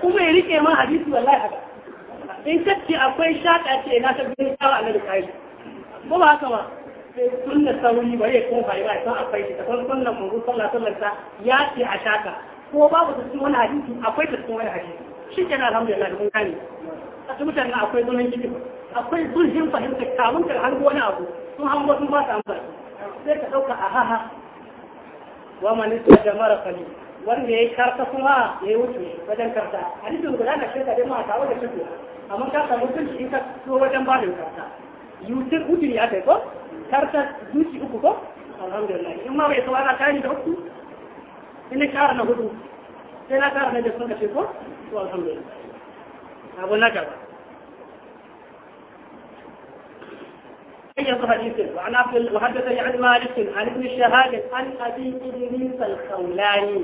kuma ya rike ma hadisi wallahi haka in kacce akwai shaka ce na ta bin tsawa a nan kai ko ba haka ba sai sunna sauri bari ya kuma bai ba san akwai shi ta san sunna mun sallah sallah ya ci a shaka. ko babu ta wani hadisi akwai ta wani hadisi shi ke a su mutane akwai zulhin gidi akwai fahimta kamun ka wani abu sun ba su amfani sai ka ɗauka a haha wa wanda ya yi karta kuma ya yi wuce wajen karta guda na amma ka samu in ka so wajen ba da karta ujiri kai ko karta zuci uku ko alhamdulillah in ma bai ana kayan da uku in na kara na hudu sai na kara na ko والحمد لله أقول لك أيضا حديث وعن عبد وحدثني عن مالك عن ابن الشهاد عن أبي إدريس الخولاني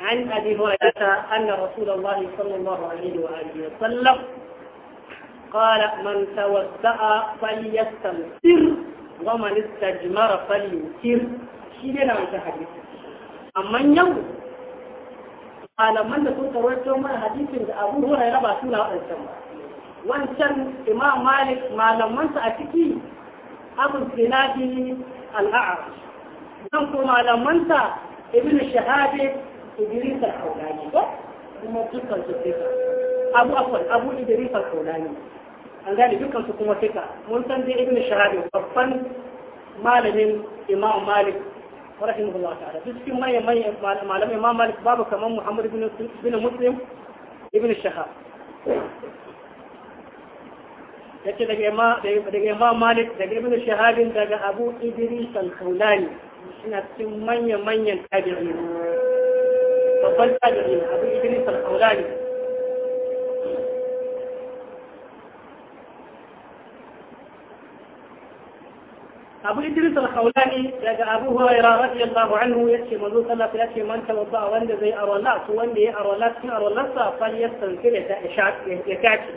عن أبي هريرة أن رسول الله صلى الله عليه وآله وسلم قال من توسأ فليستمسر ومن استجمر فليوتر شيء لنا هذا الحديث أما يوم malaman da sun karwato mana hadisin da abu ya raba suna waɗancan ba wancan imam malik malamansa a ciki abu sinadi al'a'ar nan ko malamansa ibn shahabi idris al-hawlani ko kuma dukkan su fika abu afwan abu idris al-hawlani an gane dukkan su kuma fika mun san dai ibn shahabi babban malamin imam malik رحمه الله تعالى بس في مية مية معلم إمام مالك بابا كمان محمد بن بن مسلم ابن الشهاب yake malik daga ibn shahabin daga abu idris al-khawlani suna cikin manya-manyan tabi'in babban tabi'in abu idris al-khawlani abu idris al-hawlani daga abu hurayra radiyallahu anhu yace manzo sallallahu alaihi wasallam man wanda zai arwala to wanda ya arwala cikin arwala sa fa ya tsantsire ta ishaqi ya tace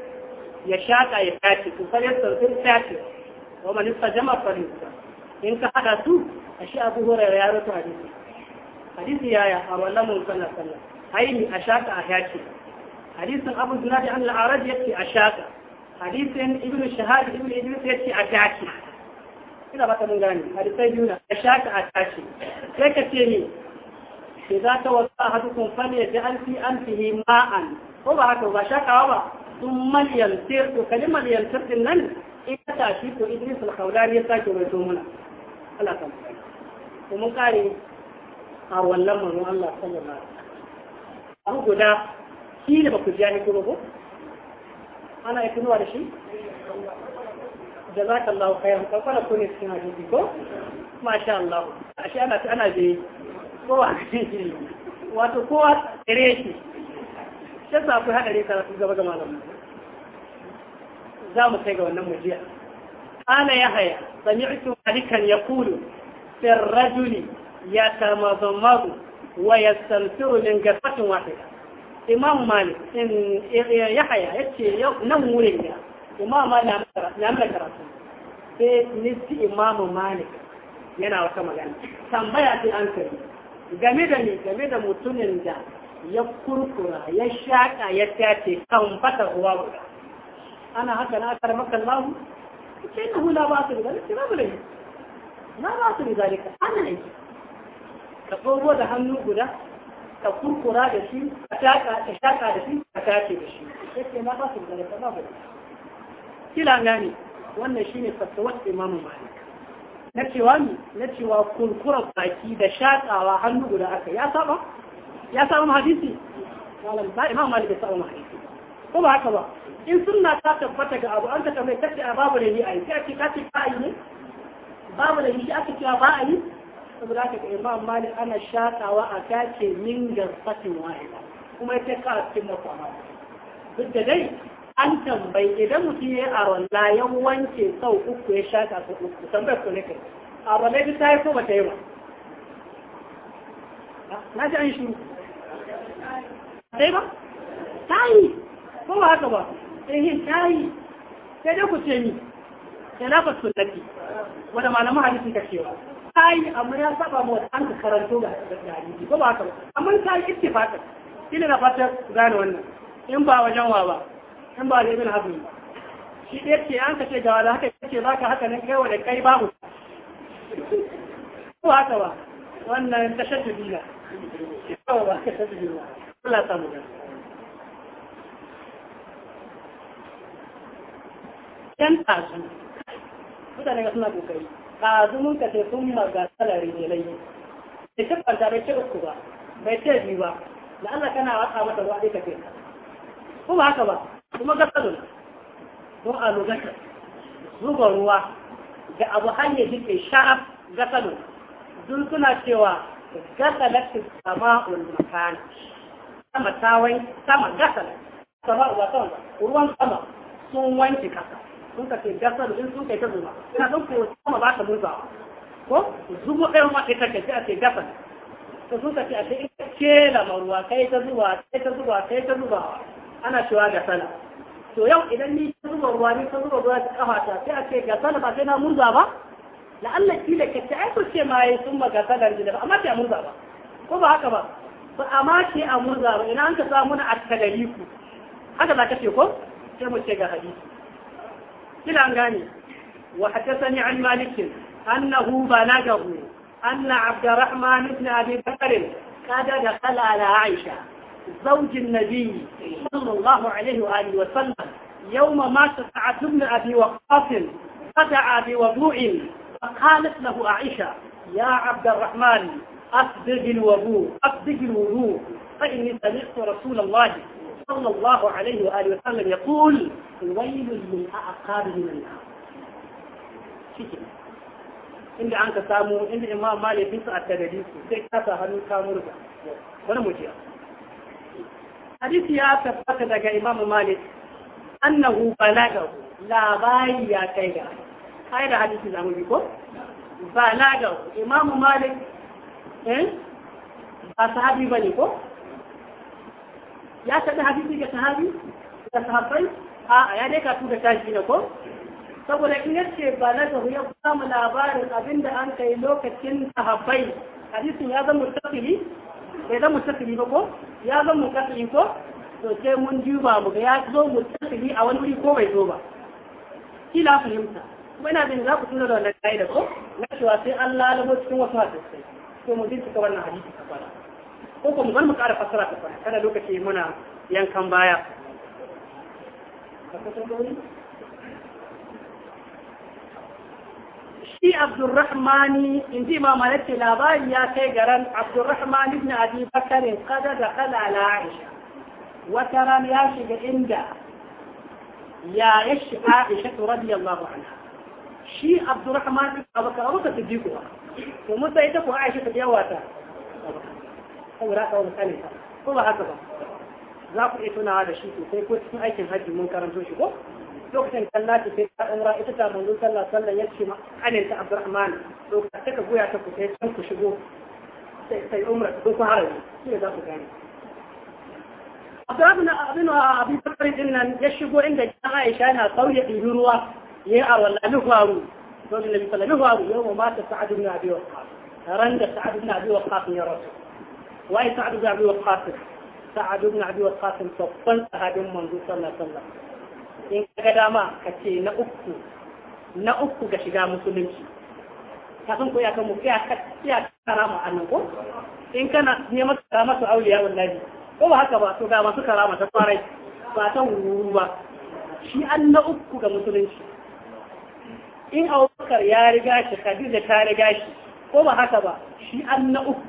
ya shaqa ya tace to fa ya tsantsire ta tace wa man istajama in ka hada su ashi abu hurayra ya rawata hadisi hadisi ya ya arwala mun sallallahu alaihi wasallam hayi ni ashaqa ya tace hadisin abu zinadi an al-arad yace ashaqa hadisin ibnu shahab ibnu idris yace ashaqa ina ba ta mun gane hadisai biyu na ya shaka a tashi sai ka ce ni ke za ta wasu a hadukun fane da an fi an fi ma'an ko ba haka ba shakawa ba sun maliyantar to kalimar yantar din nan ka tashi ko idris al-khawlani ya sake mai muna Allah ta mu mun kare a wannan manzon Allah sallallahu alaihi wasallam abu guda shi ne ba ku ji ko ana ikinuwa da shi jazakallahu khairan kafara ko ne cikin hadisi ko masha Allah ashe ana ana bi kowa wato kowa tsere shi sa karatu gaba ga malamu za mu kai ga wannan mujiya قال يحيى سمعت imama na amma karatu sai nisi imamu malik yana wata magana tambaya sai an kari game da ni game da mutumin da ya kurkura ya shaƙa ya tace kan fata ruwa guda ana haka na akar maka lamu ce na hula ba su da ce babu laifi na ba su da ka ana yi ka tsoro da hannu guda ka kurkura da shi ka shaƙa da shi ka tace da shi yake na ba su da zalika babu laifi kila gane wannan shine fatawar Imam Malik na cewa mi na cewa kurkurar baki da shakawa hannu guda aka ya saba ya saba hadisi malam ba Imam Malik ya saba hadisi ko ba haka ba in sunna ta tabbata ga abu an ta kamar kace a babu a yi, sai ake kace ba yi ne babu da shi aka cewa ba a yi? saboda haka Imam Malik ana shakawa a kace min garfatin wahida kuma ya ita ka cikin mafa duk da dai an tambayi idan mutum ya yi arola ya wanke sau uku ya shaka sau uku tambayar ku ne kai arola duk ta yi ko ba ta yi ba na ji an shuru ta yi ba ta yi ko ba haka ba eh ta yi sai dai ku ce ni khilafat sunnati wanda malamin hadisi ka cewa ta yi amma ya saba mu an ka karanto ga hadisi ko ba haka ba amma ta yi ittifaqan ina na fatar gane wannan in ba wajen wa ba in ba da ibn hadu shi da yake an kace ga wala haka yake baka haka nan kai wala kai ba ku. ko haka ba wannan tashaddudi ne ko ba tashaddudi ne Allah ta mu yan tasu mutane ga suna kokari tasu mun ce sun salari ne lai da ta kwanta bai ce uku ba bai ce biyu ba da Allah kana wata mata ruwa dai ka ce ko ba haka ba kuma gasalun don a lugatar zuba ruwa ga abu hanyar jike sharaf gasalun dun suna cewa gasalatin sama'ul makan sama tawai sama gasalat sama ba sama ruwan sama sun wanke kasa sun ka ce gasar in sun kai ta zuba ina sun ko sama ba ta murzawa ko zubo ɗaya ma ita ce a ce gasar to sun ka ce a ce ka ce lamaruwa kai ta zuba kai ta zuba kai ta zubawa ana cewa sala to yau idan ni ta zuba ruwa ni ta zuba ruwa ta kafa ta sai a ce sala ba sai na murza ba la'alla kila ka ce ai ce ma yayi sun ma sala ne da amma ta a murza ba ko ba haka ba ba amma ce a murza ba idan an ka samu na at ku haka za ka ce ko sai mu ce ga hadisi kila an gane wa hadathani an malik annahu balagahu anna abdurrahman ibn abi bakr kada dakhala ala aisha زوج النبي صلى الله عليه وآله وسلم يوم مات سعد بن أبي وقاص فدعا بوضوء فقالت له عائشة يا عبد الرحمن أصدق الوضوء أصدق الوضوء فإني سمعت رسول الله صلى الله عليه وآله وسلم يقول ويل من أعقاب من النار inda an ka samu inda imam malik bisa a tagadi sai ka sa hannu ka murza wani hadisi ya tabbata daga imamu malik annahu balagahu labari ya kai ga kai da hadisi zamu bi ko balagahu imamu malik eh ba sahabi bane ko ya taɓa hadisi ga sahabi ga sahabbai a ya dai ka tuka tashi ne ko saboda in yace balagahu ya mu labarin abinda an kai lokacin sahabbai hadisin ya zama mutafili bai zama mutafili ba ko ya zo mu kasali ko to sai mun duba mu ga ya zo mu kasali a wani wuri ko bai zo ba kila fahimta kuma ina jin za ku tuna da wannan ka'ida ko na cewa sai an lalabo cikin wasu hadisai to mu bincika wannan hadisi ka kwana ko kuma bar mu kara fasara ta fara kada lokaci muna yankan baya. Ka kusa shi abdurrahmani in ji ma malake labari ya kai garan abdurrahmani na abi bakarin kada da kala ala aisha wata ran ya shiga inda ya ya shiga aisha tu radiyallahu anha shi abdurrahman ibn abakar abu ka siddiqu to musa ita ko aisha ta yawa ta saboda ka wani kane ko ba haka ba za ku iya tunawa da shi sosai ko cikin aikin hajji mun karanto shi ko دكتور كنات في الأمر إذا من دون الله صلى يكشم عن أنت عبد الرحمن لو كتك بويا تكوتي شنك شبوه سي, سي أمر دوكو هاري سي ذاك كان عبد الرحمن أبنو أبي بكر إن يشبو عند عائشة أنا قوي يروى يعر ولا من رسول الله in ga dama ka ce na uku na uku ga shiga musulunci ka san ko ya kan mu ya ka ya karama annan ko in kana neman karama su auliya wallahi ko ba haka ba to ga masu karama ta farai ba ta wuru ba shi an na uku ga musulunci in abubakar ya riga shi khadija ta riga shi ko ba haka ba shi an na uku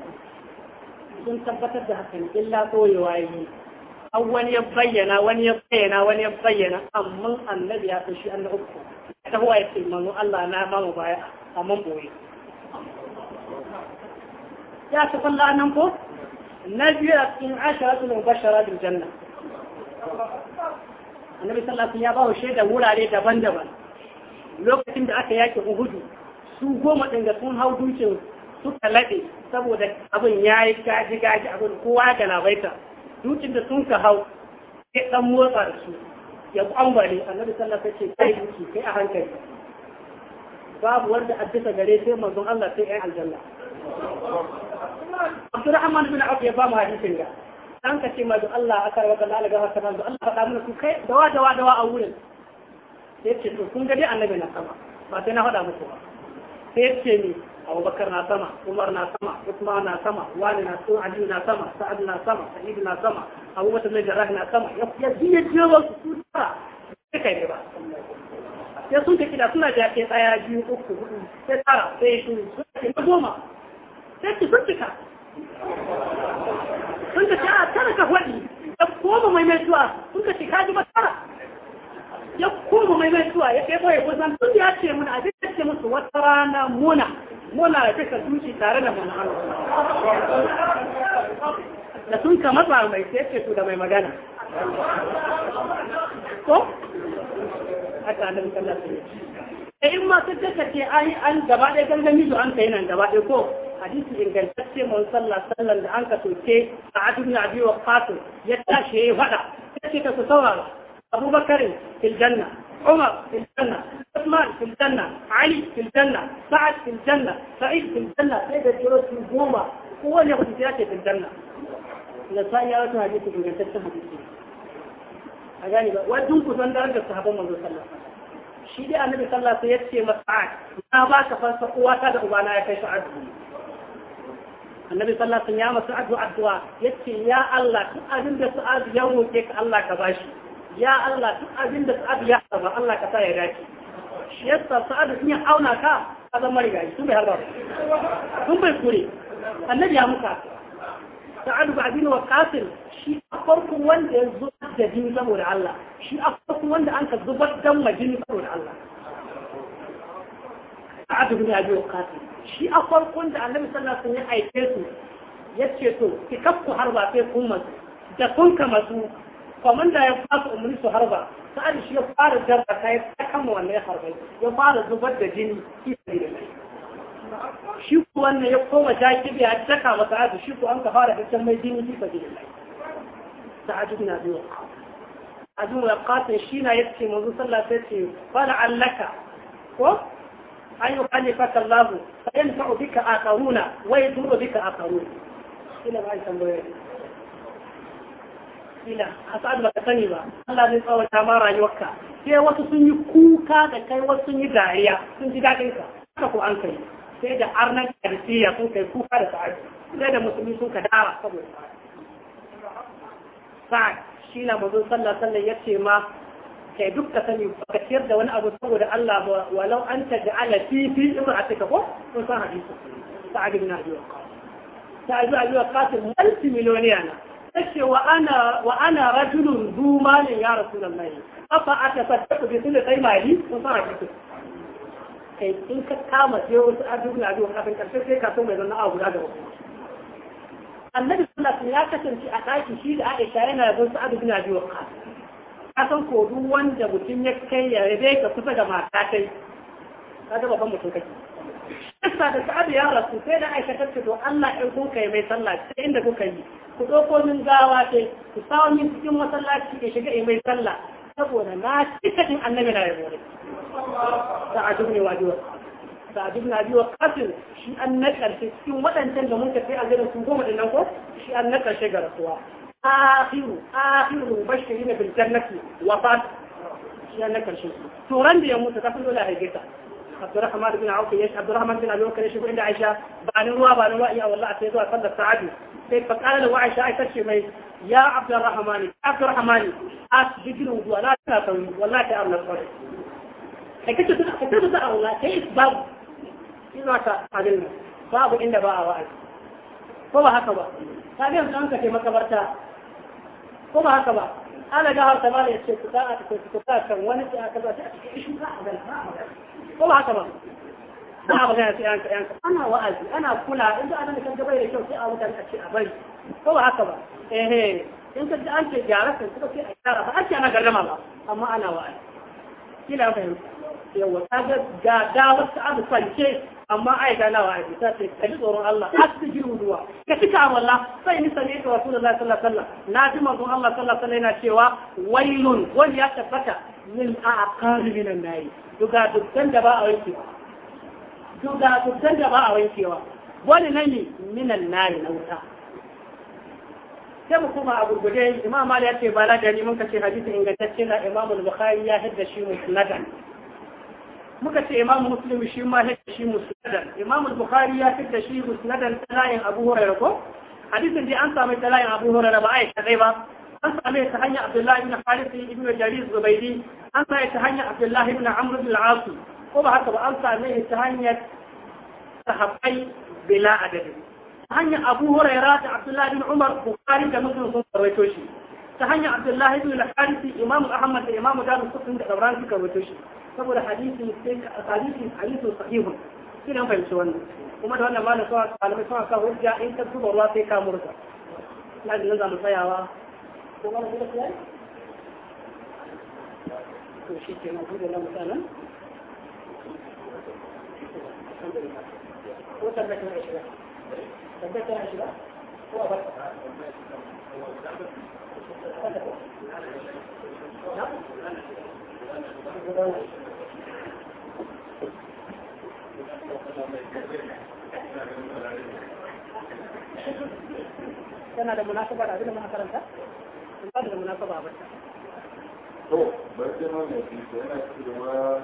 sun tabbatar da hakan illa koyewa yi an wani ya bayyana wani ya bayyana wani ya bayyana amma annabi ya san shi an uku ta huwa ya ce manzo Allah na ba mu baya amma boye ya ta falla nan ko na biyu a cikin asharatu mubashara bil janna annabi sallallahu alaihi wasallam ya ba shaida wurare daban-daban lokacin da aka yake uhudu su goma din da sun hau dukin suka lade saboda abin yayi gaji gaji abin kowa ga labaita dukin da sun ka hau sai dan motsa da su ya ku kwambale annabi sallallahu alaihi wasallam kai duki kai a hankali babu wanda addisa gare sai manzon Allah sai ai aljanna Abdurrahman bin Auf ya ba mu hadisin ga an ka ce manzon Allah aka wa kana alaga haka manzon Allah fada mana ku kai dawa dawa dawa a wurin sai ce to kun ga dai annabi na sama ba sai na fada muku ba sai ce ni abubakar na sama umar na sama usman na sama wani na sama, ali na sama sa'ad na sama sa'id na sama abubakar mai jarrah na sama ya biya jewa su su tara sai kai ne ba Ya sun tafi da suna da ke tsaya biyu uku hudu sai tara sai su suna tafi na goma sai ki sun cika sun tafi a tara ka faɗi ya koma mai mai zuwa sun tafi kaji ba tara ya koma mai mai zuwa ya kai kawai kusan tun ya ce mun abin da ce musu wata rana muna muna bisa tuci tare da manzon Allah da sun ka matsa mai sai su da mai magana ko haka nan kallon sai in ma sun take ce an an gaba ɗaya gangami su an kai nan gaba ɗaya ko hadisi ingantacce mun sallah sallan da an ka soke a adun na biyu wa ya tashi ya yi faɗa sai ka su saurara abubakarin fil janna عمر في الجنة عثمان في الجنة علي في الجنة سعد في الجنة سعيد في الجنة سيد الجنود في الجومة هو اللي يقول في الجنة الجنة نسائي يا رسول حديث من يتشه حديثي أجاني بقى ودونك سندر أنك صحابة من ذو صلى شيدي النبي صلى الله عليه وسلم مسعاك ما باك فالسقوة كذا وانا يكيش عدو النبي صلى الله عليه وسلم يا مسعاك وعدوا يتشي يا الله كن أجنب سؤال الله كباشي ya Allah duk abin da sa'adu ya harba Allah ka sa ya dace shi yasa sa'adu sun ya auna ka ka zama rigayi sun bai harba sun bai kure annabi ya muka sa'adu ba abin wa kafin shi a farko wanda ya zubar da jini saboda Allah shi a farko wanda an ka zubar dan majini saboda Allah sa'adu bin abi wa kafin shi a farkon da annabi sallallahu alaihi wasallam ya aike su yace to ki kafku harba sai kun masu da kun ka masu. kwamanda ya fasa umarni su harba sa'ad shi ya fara jarra ta ya kama wannan ya harbai ya fara zubar da jini shi sai da shi ku wannan ya koma jakibi ya taka masa azu shi ku an ka fara fitan mai jini shi sai da sa'ad ibn abi waqqas azun ya qatin shi na yace manzo sallallahu alaihi wasallam fala allaka ko an yuqalifaka Allah fa yanfa'u bika akharuna wa yadurru bika akharuna ina ba ai tambaye sa'ad ba ka sani ba Allah zai tsawata ma rayuwarka sai wasu sun yi kuka da kai wasu sun yi dariya sun ji daɗin ka haka ko an kai sai da arna karfiya sun kai kuka da sa'ad sai da musulmi sun ka dara saboda sa'ad shi na mazo sallah sallah ya ce ma kai duk ka sani Ka ciyar da wani abu saboda Allah ba walau an ta da ala fifi in ba a cika ko sun san hadisi sa'ad ibn abi waqqas sa'ad ibn abi waqqas multi miliyoniya na ce wa ana rasu da mai zu a ta rasulullahi ku atasaddaqu da kulli sun fara sarafatu kai in ka kama sai wasu addu'a addu'a kafin karshe sai ka so mai zanna a guda da gaba annabi sallallahu ya kasance a ɗaki shi da Aisha yana da wasu addu'a addu'a ka ka san ko duk wanda mutum ya kai ya rabe ka kusa da mata kai ka ga babban mutum kake Kisa da Sa'adu ya rasu sai da Aisha ta ce to Allah in kun yi mai sallah sai inda kuka yi ku ɗauko min gawa ce ku sawo min cikin masallaci ya shiga mai sallah saboda na cikin annabi na yabo Sa'adu ne wa diwa Sa'adu na biwa kafin shi an na karshe cikin waɗancan da mun tafi a gidan su goma ɗin nan ko shi an na karshe ga rasuwa akhiru akhiru mubashirin bil jannati wa fat shi an na karshe to ran da ya mutu kafin dole a haige ta عبد الرحمن بن عوف يش عبد الرحمن بن أبي بكر يشوف عند عائشة بانوا بانوا يا والله أتيتوا أصلى سعدي فقال له عائشة أي تشمي يا عبد الرحمن عبد الرحمن أسجد الوضوء لا تسوي والله تعالى الصلاة حكيت حكيت بقى والله كيف باب إذا تعلم باب إن باء وعد هو هكذا هذه أنت في مكبرتها هو هكذا أنا جاهر تمام يا شيخ كتاب كتاب كان وانا كتاب شو قاعد ko ba haka ba ba a magana sai yanka yanka ana wa'azi ana kula in da adam kan gabai da kyau sai a mutane a ce a bari ko ba haka ba eh, eh. in ka ji an ce gyara sai suka ce a gyara ba ake ana gardama ba amma ana wa'azi kila fahimta yawa ta ga dawar ta abu fanke. amma ai ga nawa ai ta ce kaji tsoron Allah asbihir wuduwa ka tuka amalla sai ni sami ta rasulullahi sallallahu alaihi wasallam na ji manzon Allah sallallahu alaihi wasallam yana cewa wailun wani ya tabbata min aqar minan nayi duga dukkan da ba a wankewa duga dukkan da ba a wankewa wani nani minan nayi na wuta sai mu kuma a gurguje imam mali ya ce ba la gani mun kace hadisi ingantacce na imam al-bukhari ya haddace mu sunnatan muka ce imamu muslim shi ma ya shi musnadan imamu bukhari ya fi shi musnadan talayin abu hurairah ko hadisin dai an samu talayin abu hurairah ba ai kadai ba an same ta hanya abdullahi ibn harith ibn jarir zubairi an same ta hanya abdullahi ibn amr ibn al-as ko ba haka ba an same ta hanya sahabbai bila adadi ta hanya abu hurairah da abdullahi ibn umar bukhari da muslim sun rawaito shi ta hanya abdullahi ibn al-harith imam ahmad da imam darus sun da dauran suka rawaito shi saboda hadisi hadisi hadisi sahihun shi an fahimci wannan kuma da wannan malam suna malamai suna sa hujja in ta zuba ruwa sai ka murza na da za mu tsayawa ko malam da kai to shi ke nan hujja na mutanen ko tabbata na shiga tabbata na shiga ko a bar Thank you. Yana da munasaba da abinda makaranta ba da munasaba ba to bai sai mun yi yana cewa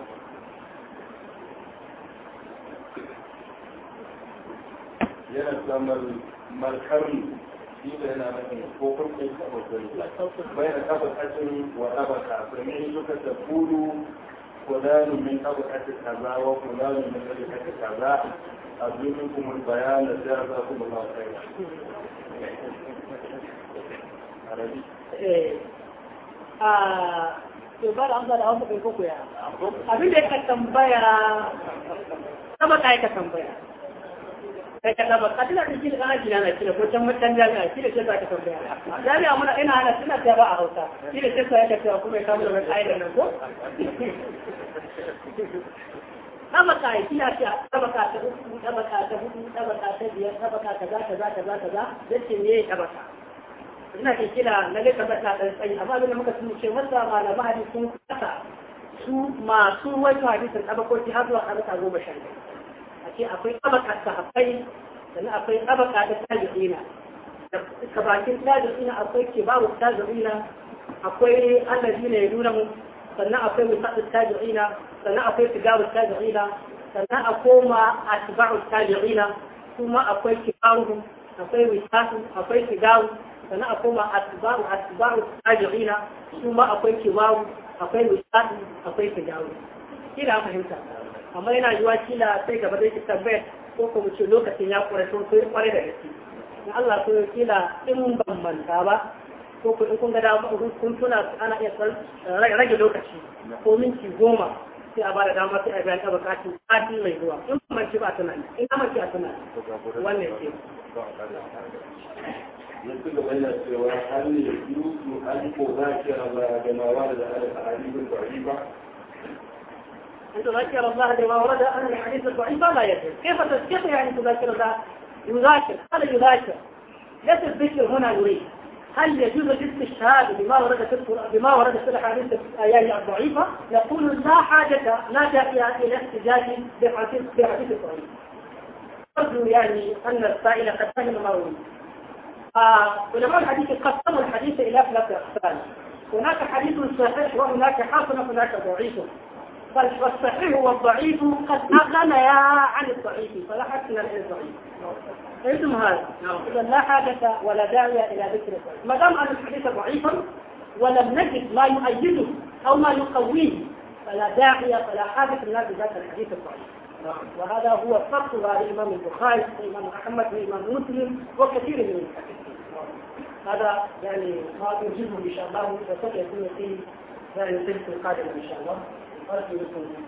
yana samar malkarni shi da yana nufin ko kurkin kabar gari bai da kabar wa suka ta فلان من طبقة كذا وفلان من طبقة كذا أبلغكم البيان جزاكم الله خيرا عربي to ba da amsa da hausa koko ya abin da ya ka tambaya sama ka yi ka tambaya kai kalla ba kadina da kila ana kila na kila ko can mutan jami'a kila ce za ta tambaya jami'a muna ina hana suna ta ba a Hausa kila ce sai ka ce kuma ya kamu da wani ayyukan nan ko tabaka ya kila ce tabaka ta uku tabaka ta hudu tabaka ta biyar tabaka kaza kaza kaza kaza yace me ya tabaka ina ke kila na ga tabaka dan tsayi amma abin da muka tuni ce wanda malama hadisin kasa su masu wani hadisin tabakoki har zuwa tabaka goma sha biyu ce akwai abaka sahabbai sannan akwai abaka da tabi'ina da bakin tabi'ina akwai kibaru tabi'ina akwai allazi ne ya nuna mu sannan akwai musaɗin tabi'ina sannan akwai sigaru tabi'ina sannan a koma atba'u kuma akwai kibaru akwai wisasu akwai sigaru sannan a koma atba'u atba'u tabi'ina kuma akwai kibaru akwai wisasu akwai sigaru ina fahimta amma yana yiwa kila sai gaba zai ki tambayar ko kuma ce lokacin ya kura sun sai kware da gaske in Allah so kila in ban manta ba ko ku in kun ga dama kun tuna ana iya rage lokaci ko minti goma sai a bada dama sai a biya ta bukatu kati mai zuwa in ban manci ba tunani in ka manci a tunani wannan ke yanzu da wannan cewa har ne yusu an ko za ki ba da mawa da al'adun ba تذكر الله بما ورد أن الحديث الضعيف لا يجوز كيف تستطيع يعني تذكر الله يذاكر هذا يذاكر ليس الذكر هنا يريد هل يجوز الاستشهاد بما ورد في بما ورد في الاحاديث الضعيفه؟ يقول لا حاجه لا داعي الى احتجاج بحديث بحديث ضعيف. أرجو يعني أن السائل قد فهم ما أريد. آه، علماء الحديث قسموا الحديث إلى ثلاثة أقسام. هناك حديث صحيح وهناك حسن وهناك ضعيف. بل والصحيح والضعيف قد أغنيا عن الضعيف فلا حسن الضعيف فهمتم هذا؟ نعم. إذا لا حاجة ولا داعي إلى ذكره ما دام أن الحديث ضعيفا ولم نجد ما يؤيده أو ما يقويه فلا داعي فلا حاجة لنا بذات الحديث الضعيف نعم. وهذا هو بين الإمام البخاري والإمام محمد والإمام مسلم وكثير من الحديث هذا يعني ما نجيبه إن شاء الله وسوف يكون فيه يعني في القادم إن شاء الله 二十分钟。